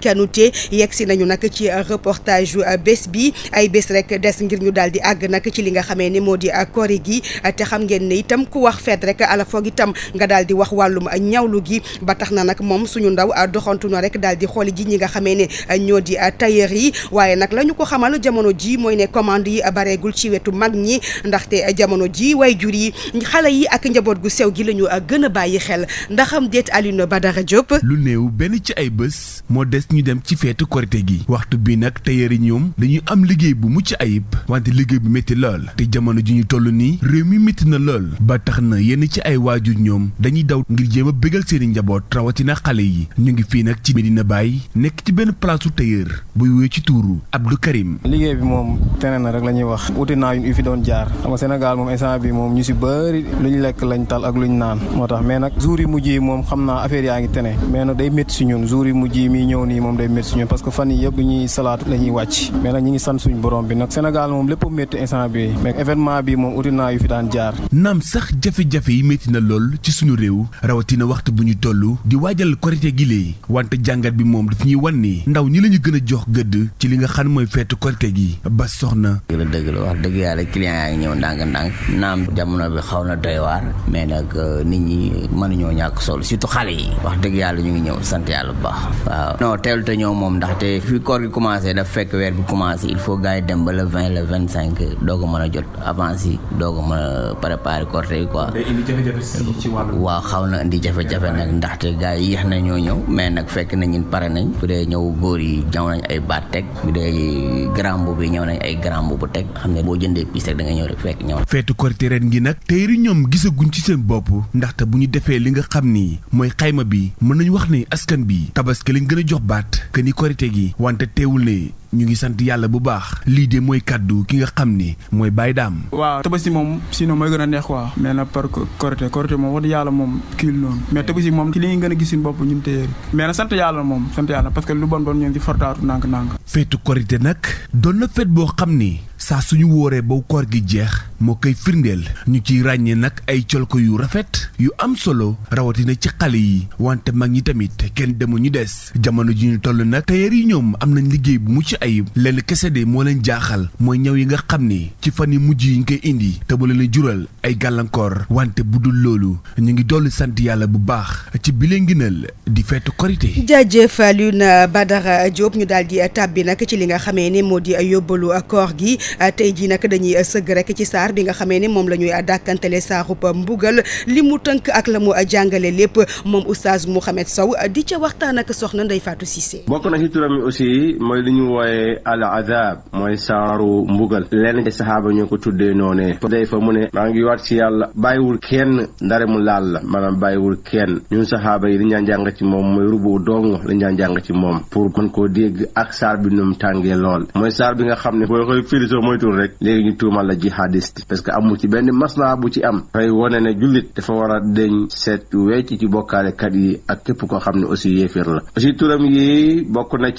Speaker 3: Kanouté yegg si nañu nag ci euh, reportage yu euh, bés bi ay bés rek des ngir ñu daal di àgg nag ci li nga xamee ni moo di euh, kori gi te xam ngeen ne itam ku wax feet rekk ala foog itam nga daal di wax wàllum ñawlu gi ba tax na nag moom suñu ndaw doxantu na rek daal di xooli ji ñi nga xamee ne ñoo di tailleur yi waaye nag lañu ñu ko xamal jamono ji mooy ne commande yi bareegul ci wetu mag ñi ndaxte jamono ji way jur yi xale yi ak njaboot gu sew gi la ñu gën a bàyyi xel ndax am déet Alioune Badara Diop.
Speaker 15: lu néew benn ci ay bés moo ñu dem ci feetu korite gi waxtu bi nag tailleur yi ñoom dañuy am liggéey bu mucc ayib wante liggéey bu métti lool te jamono ji ñu toll nii réew mi métti na lool ba tax na yenn ci ay waajur ñoom dañuy daw ngir jéem a bégal seeni njaboot rawatina xale yi ñu ngi fii nag ci Medina Baye nekk ci benn palaasu tailleur buy wéy ci tuuru Abdou Karim.
Speaker 1: liggéey bi moom teneen na rek la ñuy wax uti naa yu fi doon jaar xam nga Sénégal moom instant bi moom ñu si bëri lu ñu lekk lañ tal ak lu ñu naan moo tax mais nag jour yi mujj yi moom xam naa affaire yaa ngi tene mais yi mujj yi mi ñëw bi moom day métti suñu parce que fan yi yëpp ñuy salaatu la ñuy wàcc mais nag ñi ngi sant suñu borom bi nag Sénégal moom lépp métti instant bi mais événement bi moom uti naa yu fi daan jaar naam
Speaker 15: sax jafe-jafe yi métti na lool ci suñu réew rawatina waxtu bu ñu tollu di waajal korite gi léegi wante jàngat bi moom daf ñuy wan ni ndaw ñi la ñu gën a jox gëdd ci li nga xam mooy feetu korite gi ba soxna
Speaker 16: dëgg la dëgg la wax dëgg yàlla client yaa ngi ñëw ndànk ndànk naam jamono bi xaw na doy mais nag euh, nit ñi mënuñoo ñàkk sol surtout xale yi wax dëgg yàlla ñu ngi ñëw sant yàlla bu baax teelu te ñëw moom ndaxte fi koor gi commencé daf fekk weer bi commencé doo ko mën a jot avance doo ko mën a préparer corté yi quoi. day indi jafe xaw na indi jafe-jafe nag ndaxte gars yi yéex na ñoo ñëw mais nag fekk na ñun pare nañ bu dee ñëw góor yi ñëw nañ ay baat teg bu dee grand boobu yi ñëw nañ ay grand boobu teg xam ne boo jëndee piste rek da nga ñëw rek fekk ñëw.
Speaker 15: feetu korité ren gi nag teyri ñoom gisaguñ ci seen bopp ndaxte bu ñu defee li nga xam ni mooy xayma bi mën nañu wax ni askan bi tabaski lañ gën a jox baat que ni korite gi wante teewul ne ñu ngi sant yàlla bu baax lii de mooy kàddu ki nga xam ni mooy Baye Dame.
Speaker 6: waaw tabaski moom sinon mooy gën a neex quoi. mais nag par Korité Korité moom wax dëgg yàlla moom kii noonu mais tabaski moom ci li ñu gën a gis suñu bopp ñun téyeer mais nag sant yàlla moom sant yàlla parce que lu bon bon ñu ngi ci fortaatu nànk-nànk.
Speaker 15: feetu Korité nag doon na feet boo xam ni saa ñu wooree ba koor jeex moo koy firndeel ñu ciy ràññee nag ay colko yu rafet yu am solo rawatina ci xale yi wante mag ñi tamit kenn demu ñu des jamono ji ñu toll nag tailleur yi ñoom am nañ ayib lenn kese de moo leen jaaxal mooy ñaw yi nga xam ni ci fan yi mujj yi ñu koy indi te mu leen jural ay gàllankoor wante bu dul loolu ñu ngi dolli sant yàlla bu baax ci bi leen gënal di feetu korité
Speaker 3: jaajëf Alioune Badara Diop ñu daal di tàbbi nag ci li nga xamee ne moo di ay yóbbalu koor gi tey jii nag dañuy sëgg rek ci saar bi nga xamee ne moom la ñuy dàkkantale saarub mbugal li mu tënk ak la mu jàngale lépp moom oustaz Mouhamed Sow di ca waxtaan ak soxna Ndeye Fatou
Speaker 11: mooy al azab mooy saaru mbugal lenn ci saxaaba ñu ko tuddee noonee day fa mu ne maa ngi waat ci yàlla bàyyiwul kenn ndare mu laal la maanaam wul kenn ñun saxaaba yi liñ daan ci moom mooy rubu dong lañ daan jàng ci moom pour mën koo dégg ak saar bi num tàngee lool mooy saar bi nga xam ne boo koy firi soo moytul rek léegi ñu tuumal la jihadiste parce que amu ci benn maslaa bu ci am fay wone ne jullit dafa war a deñ seet wecc ci bokkaalekat yi ak képp koo xam ne aussi yéeféer la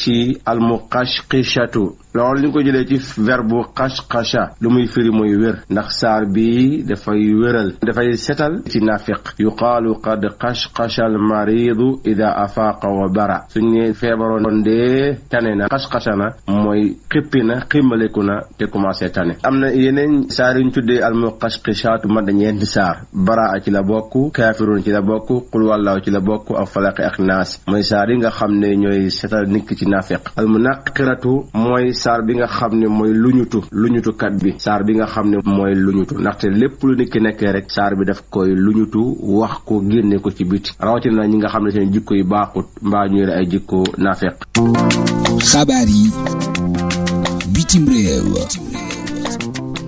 Speaker 11: yi châteaux loolu ñu ko jëlee ci verbe xash-xasha lu muy firi mooy wér ndax saar bi dafay wéral dafay setal ci nafiq yuqaalu qad xash-xasha al maridu ida afaaqa wa bara suñ ne feebaroon dee tane na xash-xasha na mooy xippi na ximmaliku na te commencé tane am na yeneen saar yuñ tuddee al muqashqishaatu mat na ñeenti saar baraa ci la bokk kaafiruun ci la bokk qul wallaahu ci la bokk ak falaq ak naas mooy saar yi nga xam ne ñooy setal nikk ki ci nafiq al munaqiratu mooy saar bi nga xam ne mooy luñutu luñutukat bi saar bi nga xam ne mooy luñutu ndaxte lépp lu nit ki nekkee rek saar bi daf koy luñutu wax ko génne ko ci biti rawatina ñi nga xam ne seen jikko yi baaxut mbaa ñu yore ay jikko naafeq xabaar yi bitim réew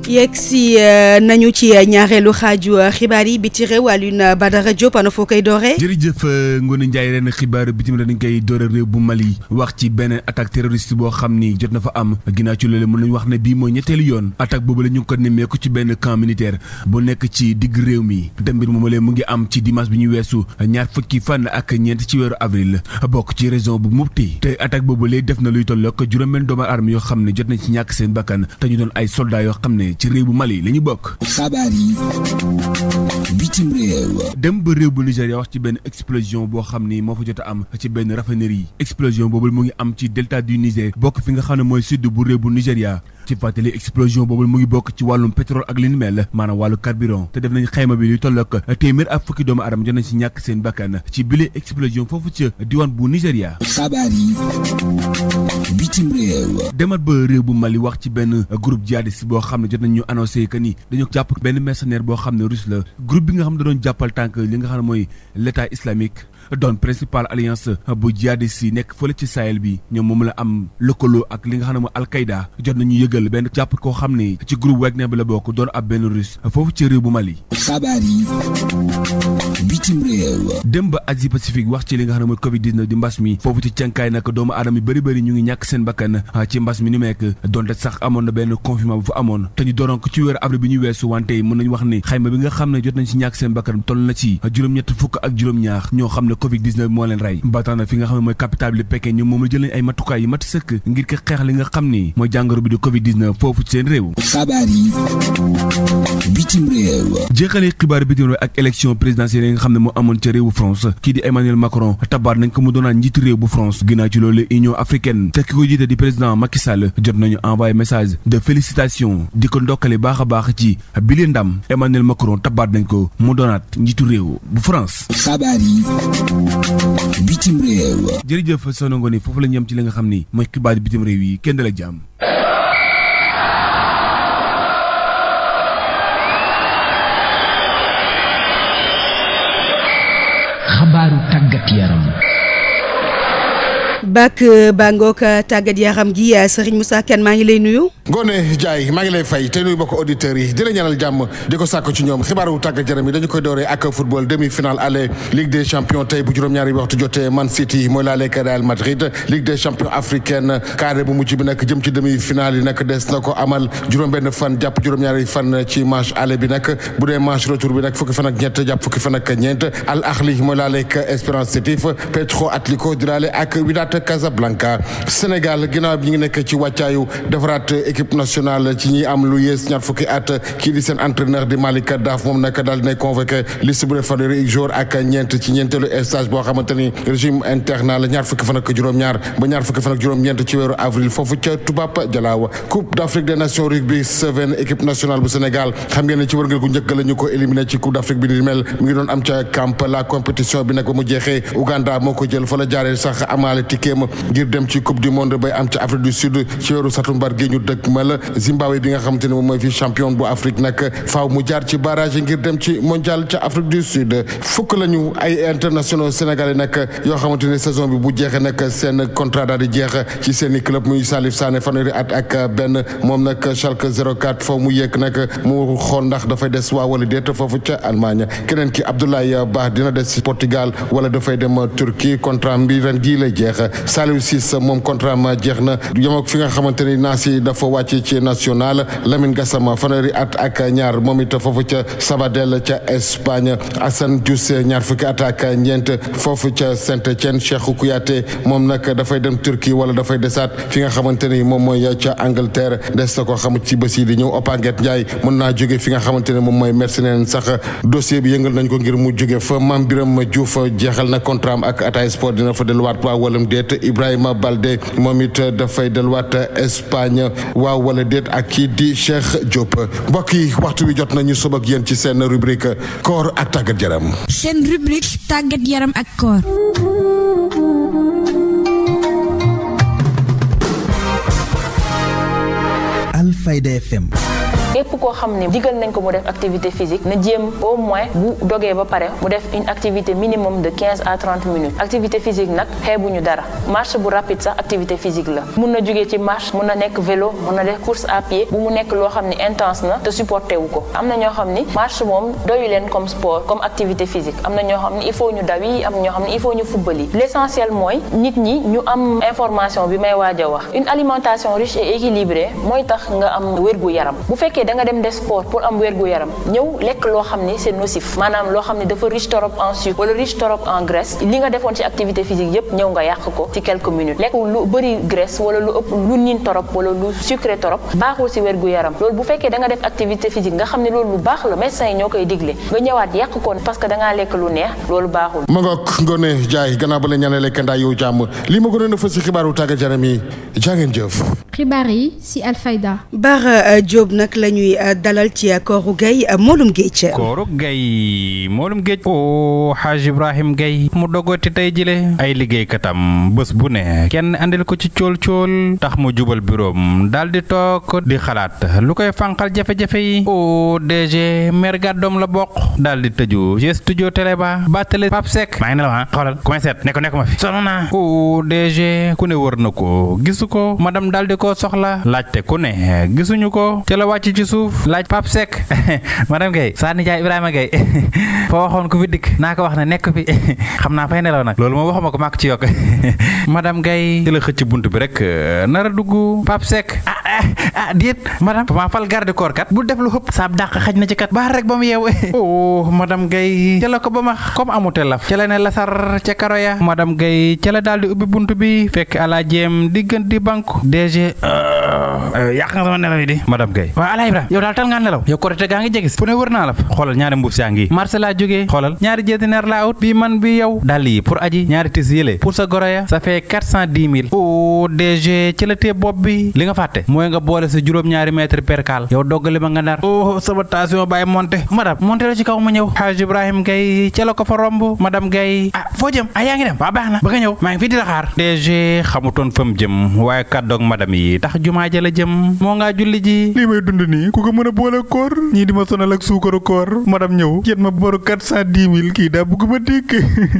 Speaker 3: yegg si euh, nañu ci ñaareelu xaaju euh, xibaar yi bitim réew Alioune Badara Diop ana foo koy dooree.
Speaker 15: jërëjëf euh, Ngoné Ndiaye ren xibaar bitim réew dañ koy doore réew bu yi wax ci benn attaque terroriste boo xam ni jot na fa am ginnaaw ci loolu mën nañu wax ne bii mooy ñetteelu yoon attaque boobu la ñu ngi ko nemmeeku ci benn camp militaire bu nekk ci digg réew mi te mbir moomu la mu ngi am ci dimanche bi ñu weesu ñaar fukki fan ak ñeent ci weeru avril bokk ci région bu Mopti te attaque boobu lay def na luy tolloog juróom xam ne jot nañ ci ñàkk seen bakkan te ñu doon ay yoo xam ne ne ci réew bu Mali la ñu bokk. xabaar yi bitim réew. dem ba réew bu Nigéria wax ci benn explosion boo xam ni moo fa jot a am ci benn raffinerie explosion boobu mu ngi am ci delta du Niger bokk fi nga xam ne mooy sud bu réew bu Nigéria ci fàttali explosion boobu mu ngi bokk ci wàllum pétrole ak li ni mel maanaam wàllu carburant te def nañ xayma bi luy tolloog téeméer ak fukki doomu aadama jot nañ si ñàkk seen bakkan ci bile explosion foofu ca diwaan bu Nigéria. xabaar yi bitim réew. demat ba réew bu Mali wax ci benn groupe jihadiste boo xam ne jot nañ ñu annoncé que ni dañoo jàpp benn mercenaire boo xam ne russe la groupe bi nga xam ne da doon jàppal tànk li nga xam ne mooy l' état doon principal alliance bu jihadis yi nekk fële ci Sahel bi am lëkkaloo ak li nga xam ne mooy Al-Qaïda jot benn jàpp koo xam ne ci groupe Wagner bi la bokk doon ab bu Mali. xabaar yi bitim réew. dem ba Asie Pacifique wax ci li nga xam ne mooy Covid 19 di mbas mi foofu ci cànkaay nag doomu aadama yu bëri bëri ñu ngi ñàkk seen bakkan ah, ci mbas mi ni mekk donte sax amoon na benn confinement bu fa amoon te ñu doon ko ci weeru avril bi ñu weesu wante mën nañu wax ne xayma bi nga xam ne jot nañ ci ñàkk seen bakkan toll na ci ñoo xam ne covid 19 moo leen rey ba fi nga xam ne mooy capitale bi Pékin moom la jël ay matukaay yu mat sëkk ngir ko xeex li nga xam ni mooy jàngoro bi di covid foofu ci seen réew xabaar xibaar bitim réew ak élection présidentielle yi nga xam ne moo amoon ca réewu France kii di Emmanuel Macron tabaar nañ ko mu doonaat njiitu réew bu France ginnaaw ci loolu Union africaine te ki ko jiite di président Macky jot nañu envoyé message de félicitation baax a baax ci bi leen ndam Emmanuel Macron tabaat nañ mu doonaat njiitu bitim réew. jërëjëf Soxna Ngoné foofu la ñu yem ci li nga xam ni mooy xibaar bitim réew yi kenn dala jàmm.
Speaker 3: bàkk euh, bàngook euh, tàggat yaram gi euh, Serigne Moussa Kane maa ngi lay nuyu.
Speaker 9: Ngone Ndiaye maa ngi lay fay te nuyu mbokki auditeurs yi di la ñaanal jàmm di ko sàkk ci ñoom xibaaru tàggat yaram yi dañu koy dooree ak football demi finale aller Ligue des champions Real Madrid Ligue des champions africaine carré bu mujj bi nag jëm ci demi finale yi nag des na ko amal juróom-benn fan jàpp juróom-ñaari fan ci match aller bi nag bu dee match retour bi nag fukki fan ak ñett jàpp fukki fan ak ñeent Al Ahli mooy laaleeg Casablanca Sénégal ginnaaw bi ñu ngi nekk ci wàccaayu defaraat équipe nationale ci ñi am lu yées ñaar fukki at kii di seen entraîneur di Malick Daaf moom nag daal dinay convoqué ci ñeenteelu stage boo xamante régime internat ñaar fukki fan juróom ñeent ci weeru avril foofu ca Toubab Dialaw Coupe d'Afrique des Nations rugby seven équipe nationale bu Sénégal xam ngeen ne ci wërngël gu njëkk la ko éliminé ci Coupe d'Afrique bi ni mel mi ngi doon am ca camp yéeseem ngir dem ci coupe du monde bay am ci Afrique du Sud ci weeru satumbar gi bi nga xamante ne moom mooy fi champion bu Afrique mu jaar ci barrage ngir dem ci mondial ca Afrique du Sud fukk lañu ay internationaux sénégalais nag yoo xamante ne saison bi bu jeexee nag seen contrat daal di jeex ci seen i club muy Salif Sané fanweeri at ak benn moom nag Schalke 04 foo mu yéeg nag mu xool ndax dafay des waa wala déet foofu ca Allemagne keneen ki Abdoulaye Bah dina des Portugal wala dafay dem Turquie contrat bi ren jii lay jeex Saliou Ciss moom contrat ma jeex na yem fi nga xamante ni naas yi dafa wàcce ci national Lamine Gassama fanweeri at ak ñaar moom it foofu ca Sabadell ca Espagne Assane Diouf ñaar fukki at ak ñeent foofu ca Saint-Étienne Cheikhou Kouyaté moom nag dafay dem Turquie wala dafay desaat fi nga xamante ni moom mooy ca Angleterre des na ko xam ci bés yi di ñëw Opanguet Ndiaye mën naa jóge fi nga xamante ne moom mooy Mercenaires sax dossier bi yëngal nañ ko ngir mu jóge fa Mame Birame Diouf jeexal na contrat ak Ataay Sport dina fa delluwaat waa walam déet it Ibrahima Balde moom it dafay delluwaat Espagne waaw wala déet ak kii di Cheikh Diop mbokk yi waxtu wi jot nañu sob ak yéen ci seen rubrique corps ak tàggat yaram.
Speaker 3: seen rubrique tàggat yaram ak corps.
Speaker 16: képp koo xam ne digal nañ ko mu def activité physique na jéem au moins bu dogee ba pare mu def une activité minimum de 15 à 30 minutes activité physique nag ñu dara marche bu rapide sax activité physique la mun na jógee ci marche mun na nekk vélo mun na def course à pied bu mu nekk loo xam ne intense na te supporté wu ko am na ñoo xam ni marche moom doyu leen comme sport comme activité physique am na ñoo xam ne il faut ñu daw yi am ñoo xam ne il faut ñu football yi l'essentiel mooy nit ñi ñu am information bi may waaj a wax une alimentation riche et mooy tax nga am wér gu yaram da dem def pour am wér yaram ñëw lekk loo xam ni c'est nocif maanaam loo xam ni dafa riche torop en sucre wala riche torop en graisse li nga defoon ci activité physique yépp ñëw nga yàq ko ci quelques minutes lekk lu bëri graisse wala lu ëpp lu niin torop wala lu sucré torop baaxul ci wér yaram loolu bu fekkee da def activité physique nga xam ne loolu lu baax la médecin ñoo koy digle nga ñëwaat yàq ko parce que da lekk lu neex loolu
Speaker 3: a ñuy euh, dalal ci euh, Kooru Gaye euh, Moloum Géej.
Speaker 17: Kooru Gaye Moloum Géej. o Haaj Ibrahim Gaye mu dogoti tey jile. ay liggéeykatam bës bu ne. kenn andil ko ci cool cool. tax mu jubal biroom daal di toog di xalaat lu koy fanqal jafe-jafe yi. o DG mer doom la bokk. daal di tëju ci studio télé ba. bàttale Pape Seck. maa ngi ne la ah, xoolal ku may seet nekk nekk ma fi. sonn naa. o DG ku ne wër na ko gisu ko madame daal di ko soxla. laajte ku ne gisuñu ko. ca la ci ci suuf laaj Pape Seck madame Guèye Sani Ndiaye Ibrahima Guèye foo waxoon ko fi dikk naa ko wax ne nekk fi xam naa fay nelaw nag loolu moom waxuma ko màkk ci yokk madame Guèye ci la xëcc bunt bi rek euh, nar dugg Pape Seck ah ah ah maa fal garde corps kat bu def lu xëpp dàq xaj na ci kat baax rek ba mu yeew oh madame Guèye ko ba ma comme amute laf ca la ne lasar ca karo ya madame Guèye ca la daal di ubbi bunt bi fekk alaajeem diggante banque DG euh, euh, yàq nga sama nelaw yi di madame Guèye Ibrahima yow daal tal ngaa nelaw yow korité gaa ngi jege fu ne wër naa la fa xoolal ñaari mbuus yaa ngi marché laa jógee xoolal ñaari jéetineer laa ut bii man bi yow dàll yi pour aji ñaari tis yële pour sa goro ya ça fait quatre cent dix bopp bi li nga fàtte mooy nga boole sa juróom-ñaari mètre percal yow doggali ma nga ndar o oh, sama tension bàyyi monté madame monté la ci kaw ma ñëw Haj Ibrahim Gaye ci la ko fa romb madame Gaye ah foo jëm ah yaa ngi dem waa baax na ba nii ku ko mën a boole koor ñii di ma sonal ak suukaru koor madame ñëw jët ma boru kii daa bëgg ma dégg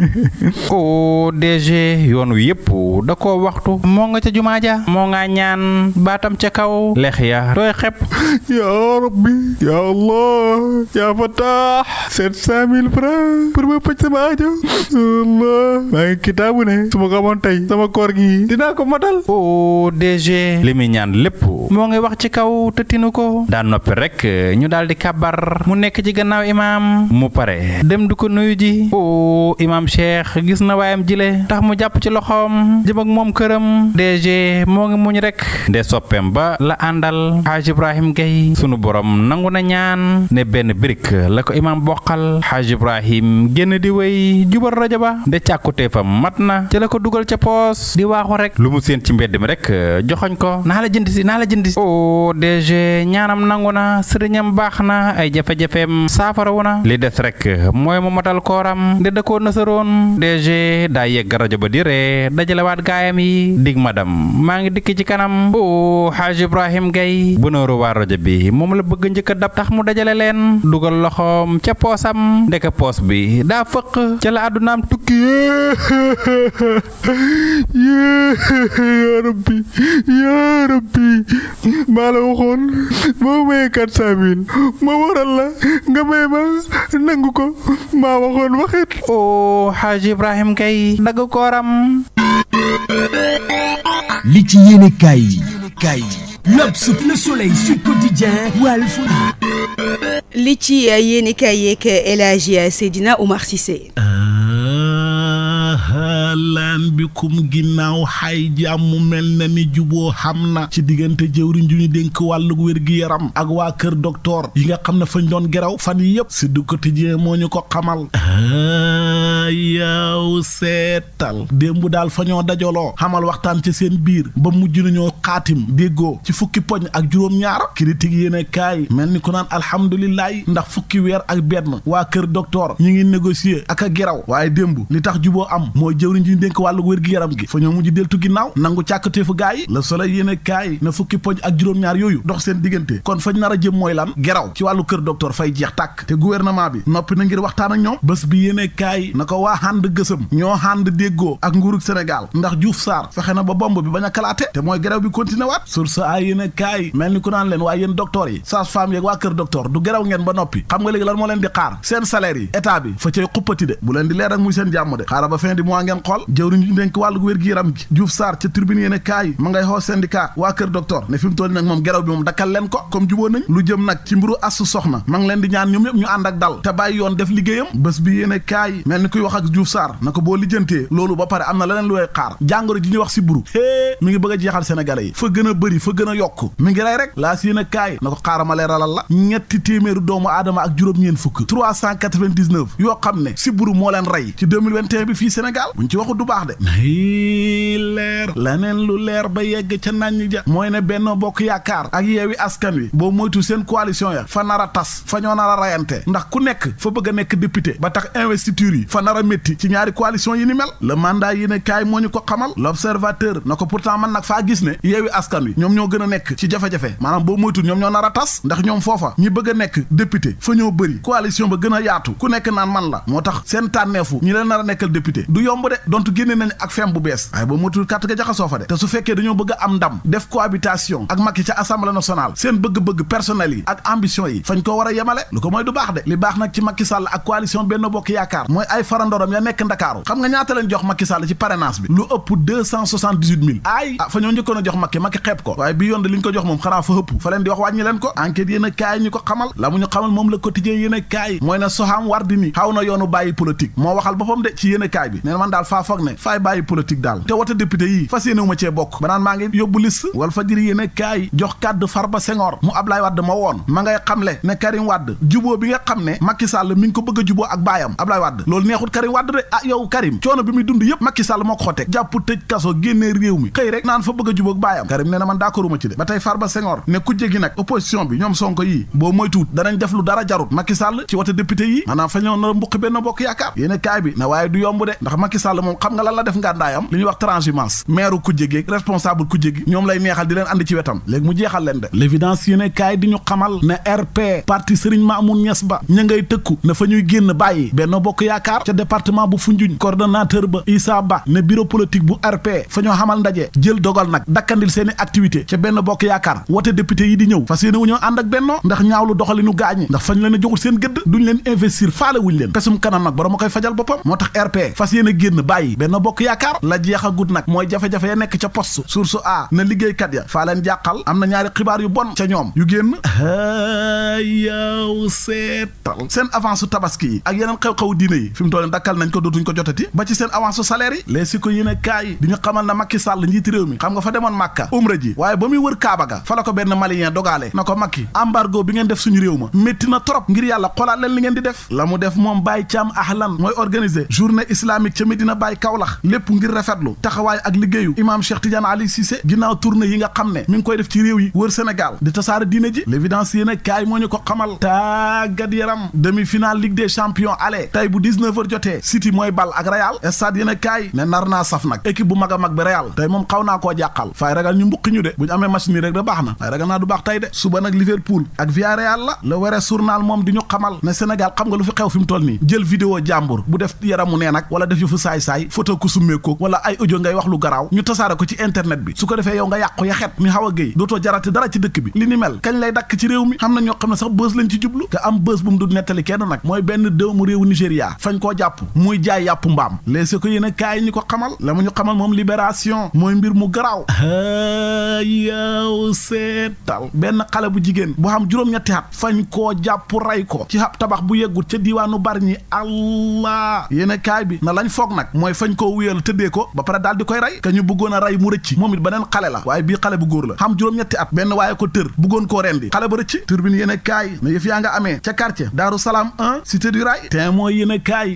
Speaker 17: o DG yoon wi yëpp da koo waxtu moo nga ca jumaa ja moo nga ñaan baatam ca kaw lex ya tooy xepp yaa rabbi yaa allah yaa fataax sept cent mille francs pour ma pëj sama aajo allah maa ngi kitaabu ne su ma ko amoon tey sama koor gi dinaa ko matal o DG li muy lépp moo ngi wax ci kaw te ko daa noppi rek ñu daal di kabar mu nekk ci gannaaw imaam mu pare dem du ko nuyu ji o oh, imaam cheikh gis na waayam jile tax mu jàpp ci loxoom jëm ak moom këram DG moo ngi muñ rek nde soppeem ba la àndal xaaj Ibrahim Gueye sunu borom nangu na ñaan ne benn birik la ko imaam boqal xaaj Ibrahim génn di way jubal rajo ba nde càkkutee fa mat na ci la ko dugal ca poos di waaxu rek lu mu seen ci mbedd mi rek joxoñ ko naa la jënd si naa la jënd si o oh, DG am nangu na sëriñam baax na ay jafe-jafeem saafarawu na li des rek mooy mu matal kooram de dëkkoo nasaroon DG daa yegg rajo ba di ree dajalewaat gaayam yi dig madam maa ngi dikk ci kanam o xaaj Ibrahim Gaye bu waa rajo bi moom la bëgg njëkk a dab tax mu dajale leen dugal loxoom ca poosam ndeke poos bi daa fëq ca la àddunaam tukki yaa rabbi yaa rabbi maa la waxoon ma mayeekaat cent mille ma la nga may ma nangu ko maa waxoon waxit oo
Speaker 4: li ci yéene kaay yi kaay yi
Speaker 15: L'Obs,
Speaker 12: Le Soleil,
Speaker 18: halaan bikum ginnaaw xay jàmmu mel na ni juboo xam na ci diggante jëwriñ ju ñu dénk wàllu wér-gi-yaram ak waa kër doktoor yi nga xam ne fañ doon geraw fan yépp si du quotidien moo ñu ko xamal yaw seetal démb daal fa ñoo dajaloo xamal waxtaan ci seen biir ba mujj nañoo xaatim déggoo ci fukki poñ ak juróom-ñaar critique yéene kaay mel ni ku naan alhamdulilahi ndax fukki weer ak benn waa kër doktoor ñu ngi négocier ak a geraw waaye démb li tax juboo am mooy jëwriñ ji ñu dénk wàllu wér-gi-yaram gi fa ñoo mujj deltu ginnaaw nangu càkkateefu gaay Le Soleil yéene kaay na fukki poñ ak juróom-ñaar yooyu dox seen diggante kon fañ nar a jëm mooy lan geraw ci wàllu kër docteur fay jeex tàkk te gouvernement bi noppi na ngir waxtaan ak ñoom bés bi yéene kaay na ko waa ànd gësëm ñoo ànd déggoo ak nguurug Sénégal ndax Diouf Sarr fexe na ba bomb bi bañ a kalaate te mooy geraw bi continué waat source a yéene kaay mel ni ku naan yi sage-femme yeeg waa kër docteur du ba noppi xam nga léegi lan moo leen di xaar mois ngeen xool jëwriñ ñu dénk wàllu wér yaram gi Diouf Sarr ca turbine yéen ma ngay xoo syndicat waa kër docteur ne fi mu toll moom geraw bi moom dakkal leen ko comme jubóo nañ lu jëm nag ci mbiru assu soxna ma leen di ñaan ñoom ñëpp ñu ànd ak dal te bàyyi yoon def liggéeyam bés bi yéen mel ni kuy wax ak Diouf Sarr na ko boo lijjantee loolu ba pare am na leneen lu xaar jàngoro ji ñuy wax si buru hée mi ngi bëgg a jeexal sénégalais yi fa gën a bëri a Sénégal buñ ci waxu du baax de nay leer laneen lu leer ba yegg ca nañ ja mooy ne Benno Bokk Yaakaar ak Yewwi Askan Wi boo moytu seen coalition ya fa nara tas fa ñoo nar rayante ndax ku nekk fa bëgg nekk député ba tax investitur yi fa nara a ci ñaari coalition yi ni mel le mandat yi ne kaay moo ñu ko xamal l'observateur na ko pourtant man nag faa gis ne Yewwi Askan Wi ñoom ñoo gën nekk ci jafe-jafe maanaam boo moytu ñoom ñoo nara ta tas ñoom foofa ñi bëgg nekk député fa ñoo bëri coalition ba gën a yaatu ku nekk naan man la moo tax seen tànneefu a nekkal député yomb de donte génne nañ ak fem bu bees waaye ba motul kàtt ga jaxasoo fa de te su fekkee dañoo bëgg am ndam def cohabitation ak Macky ca assemblée nationale seen bëgg-bëgg personnel yi ak ambition yi fañ ko war a yemale lu ko mooy du baax de li baax nag ci Macky Sall ak coalition Benno Bokk Yaakaar mooy ay farandoram ya nekk Ndakaaru xam nga ñaata lañ jox Macky Sall ci parrainage bi lu ëpp deux cent soixante aay ah fa ñoo njëkkoon a jox Macky Macky xeeb ko waaye bi yoon de li ñu ko jox a a na yoonu bàyyi politique moo waxal boppam de ci yéen a ne man daal faa foog ne faay bàyyi politique daal te wote député yi fas yéene wu ma cee bokk ba naan maa ngi yóbbu liste wal fajiri yéene kaay jox kàddu Farba Senghor mu Ablaye Wade ma woon ma ngay xamle ne Karim Wade juboo bi nga xam ne Macky Sall mi ngi ko bëgg a juboo ak baayam Ablaye Wade loolu neexut Karim Wade de ah yow Karim coono bi muy dund yëpp Macky Sall moo ko xotee jàpp tëj kaso génnee réew mi xëy rek naan fa bëgg a juboo ak baayam Karim ne na man d'accord ma ci de ba tey Farba Senghor ne ku jégi lu dara jarut Macky Sall ci wote député yi maanaam fa bokk yaakaar yéene waaye yomb ndax Macky Sall moom xam nga lan la def ngàndaayam li ñuy wax transhumance maire kujje gi responsable kujje gi ñoom lay neexal di leen ànd ci wetam léegi mu jeexal leen de l'évidence yéene kaay di ñu xamal ne RP parti Serigne Mamoun Niass ba ña ngay tëkku na fa ñuy génn bàyyi Benno Bokk Yaakaar ca département bu Foundiougne coordonnateur ba Issa Ba ne bureau politique bu RP fa ñoo xamal ndaje jël dogal nag dakkandil seeni activité ca Benno Bokk Yaakaar wote député yi di ñëw fas yéene wu ñoo ànd ak Benno ndax ñaawlu doxalinu gaañi ndax a joxul seen gëdd a koy fajal boppam génn bàyyi benn bokk yaakaar la jeexagut nag mooy jafe-jafe ya nekk ca poste source a na liggéeykat ya faa leen jàqal am na ñaari xibaar yu bon ca ñoom yu génn yow seetal seen avance su tabaski yi ak yeneen xew-xew diine yi fi mu toll dakkal nañ ko dootuñ ko jotati ba ci seen avance su salaire yi les si ko yéene kaay di ñu xamal na Macky Sall njiiti réew mi xam nga fa demoon Makka umra ji waaye ba muy wër Kaaba ga fa la ko benn malien dogaale na ko Macky embargo bi ngeen def suñu réew ma métti na trop ngir yàlla xolaat leen li ngeen di def la mu def moom bàyyi caam ahlan mooy organiser ca Medina Baye Kaolack lépp ngir rafetlu taxawaay ak liggéeyu imaam Cheikh Tidiane Ali Cissé ginnaaw tournée yi nga xam ne mi koy def ci réew yi wër Sénégal di tasaare diine ji l'évidence yéen a kaay moo ñu ko xamal tàggat yaram demi-finale Ligue des champions aller tey bu 19 jotee City mooy bal ak Real stade yéen a ne nar naa saf nag équipe bu mag a mag bi Real tey moom xaw naa koo jàqal faay ragal ñu mbuqi ñu de bu ñu amee match nii rek da baax na faay ragal naa du baax tey de suba la le wéré journal moom di ñu xamal yëfu saay-saay photo ku ko wala ay audio ngay wax lu garaaw ñu tasaare ko ci internet bi su ko defee yow nga yàqu yaxet mi xaw a géy dootoo jarati dara ci dëkk bi li ni mel kañ lay dakk ci réew mi xam na ñoo xam ne sax bës lañ ci jublu nga am bës bu mu du nettali kenn nag mooy benn mu réewu Nigéria fañ koo jàpp muy jaay yàpp mbaam léeg ko yéen a kaay ñi ko xamal la mu ñu xamal moom libération mooy mbir mu garaaw yow seetal benn xale bu jigéen bu xam juróom-ñetti at fañ koo jàpp ray ko ci ab bu yeggut ca diiwaanu Bargny
Speaker 1: allah
Speaker 18: yéen a foog nag mooy fañ koo wuyal tëddee ko ba pare daal di koy rey ka ñu bëggoon a rey mu rëcc moom it beneen xale la waaye bii xale bu góor la xam juróom-ñetti at benn waaye ko tër bëggoon koo rendi xale ba rëcc turbine yéen a kaay ne yëf yaa nga amee ca quartier Daaru Salaam 1 cité du rail te mooy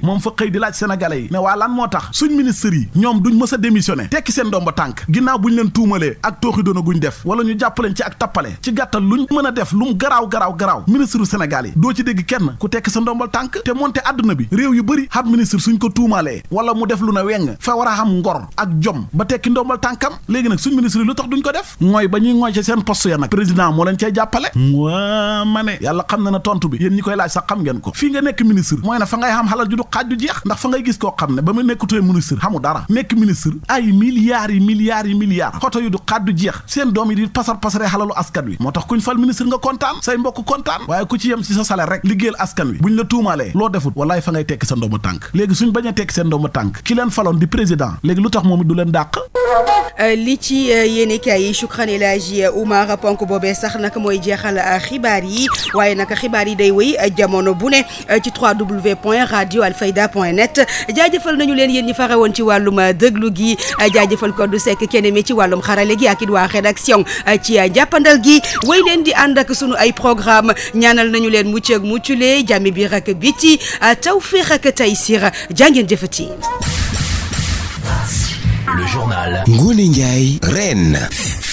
Speaker 18: moom fa xëy di laaj sénégalais yi ne waa lan moo tax suñ ministre yi ñoom duñ mës a démissionné tekki seen domba tànk ginnaaw bu leen tuumalee ak tooxi doona guñ def wala ñu jàpp leen ci ak tappale ci gàttal luñ mën a def lu mu garaaw garaaw garaaw ministre u yi doo ci dégg kenn ku tekki sa ndombal tànk te moonte àdduna bi réew yu bëri xam ministre suñ ko tuumaalee wala mu def lu na weng fa war a xam ngor ak jom ba tekki ndombal tànkam léegi nag suñ ministre lu tax duñ ko def mooy ba ñuy ngooy ci seen poste ya nag président moo leen cay jàppale waa ma ne yàlla xam na na tontu bi yéen ñi koy laaj sax xam ngeen ko fii nga nekk ministre mooy na fa ngay xam xalal ju du xaaj ju jeex ndax fa ngay gis koo xam ne ba mu nekkutee ministre xamu dara nekk ministre ay milliards yi milliards yi milliards xoto yu du xaaj ju jeex seen doom yi di pasar pasaree xalalu askan wi moo tax kuñ fal ministre nga kontaan say mbokk kontaan sa salaire rek liggéeyal askan wi buñ la tuumaalee loo defut wallaay fa sa ndoomu tànk léegi suñ bañ a ndomba tànk ki leen faloon di président léegi lu tax moom du leen dàq.
Speaker 3: Euh, li ci euh, yéen kaay yi Choukran El Hadji euh, Oumar ponk boobee sax nag mooy jeexal xibaar yi waaye nag xibaar yi day wéy jamono bu ne ci 3w point radio alfayda point net jaajëfal nañu leen yéen ñi fare woon ci wàllum déglu gi jaajëfal ko du sekk kenn mi ci wàllum xarale gi ak it waa rédaction ci jàppandal gi wéy leen di ànd ak sunu ay programme ñaanal nañu leen mucc ak muccule biir ak biti tawféex ak taysir jaa ngeen jëfati Ndiaye.
Speaker 11: Le journal Ngoné Ndiaye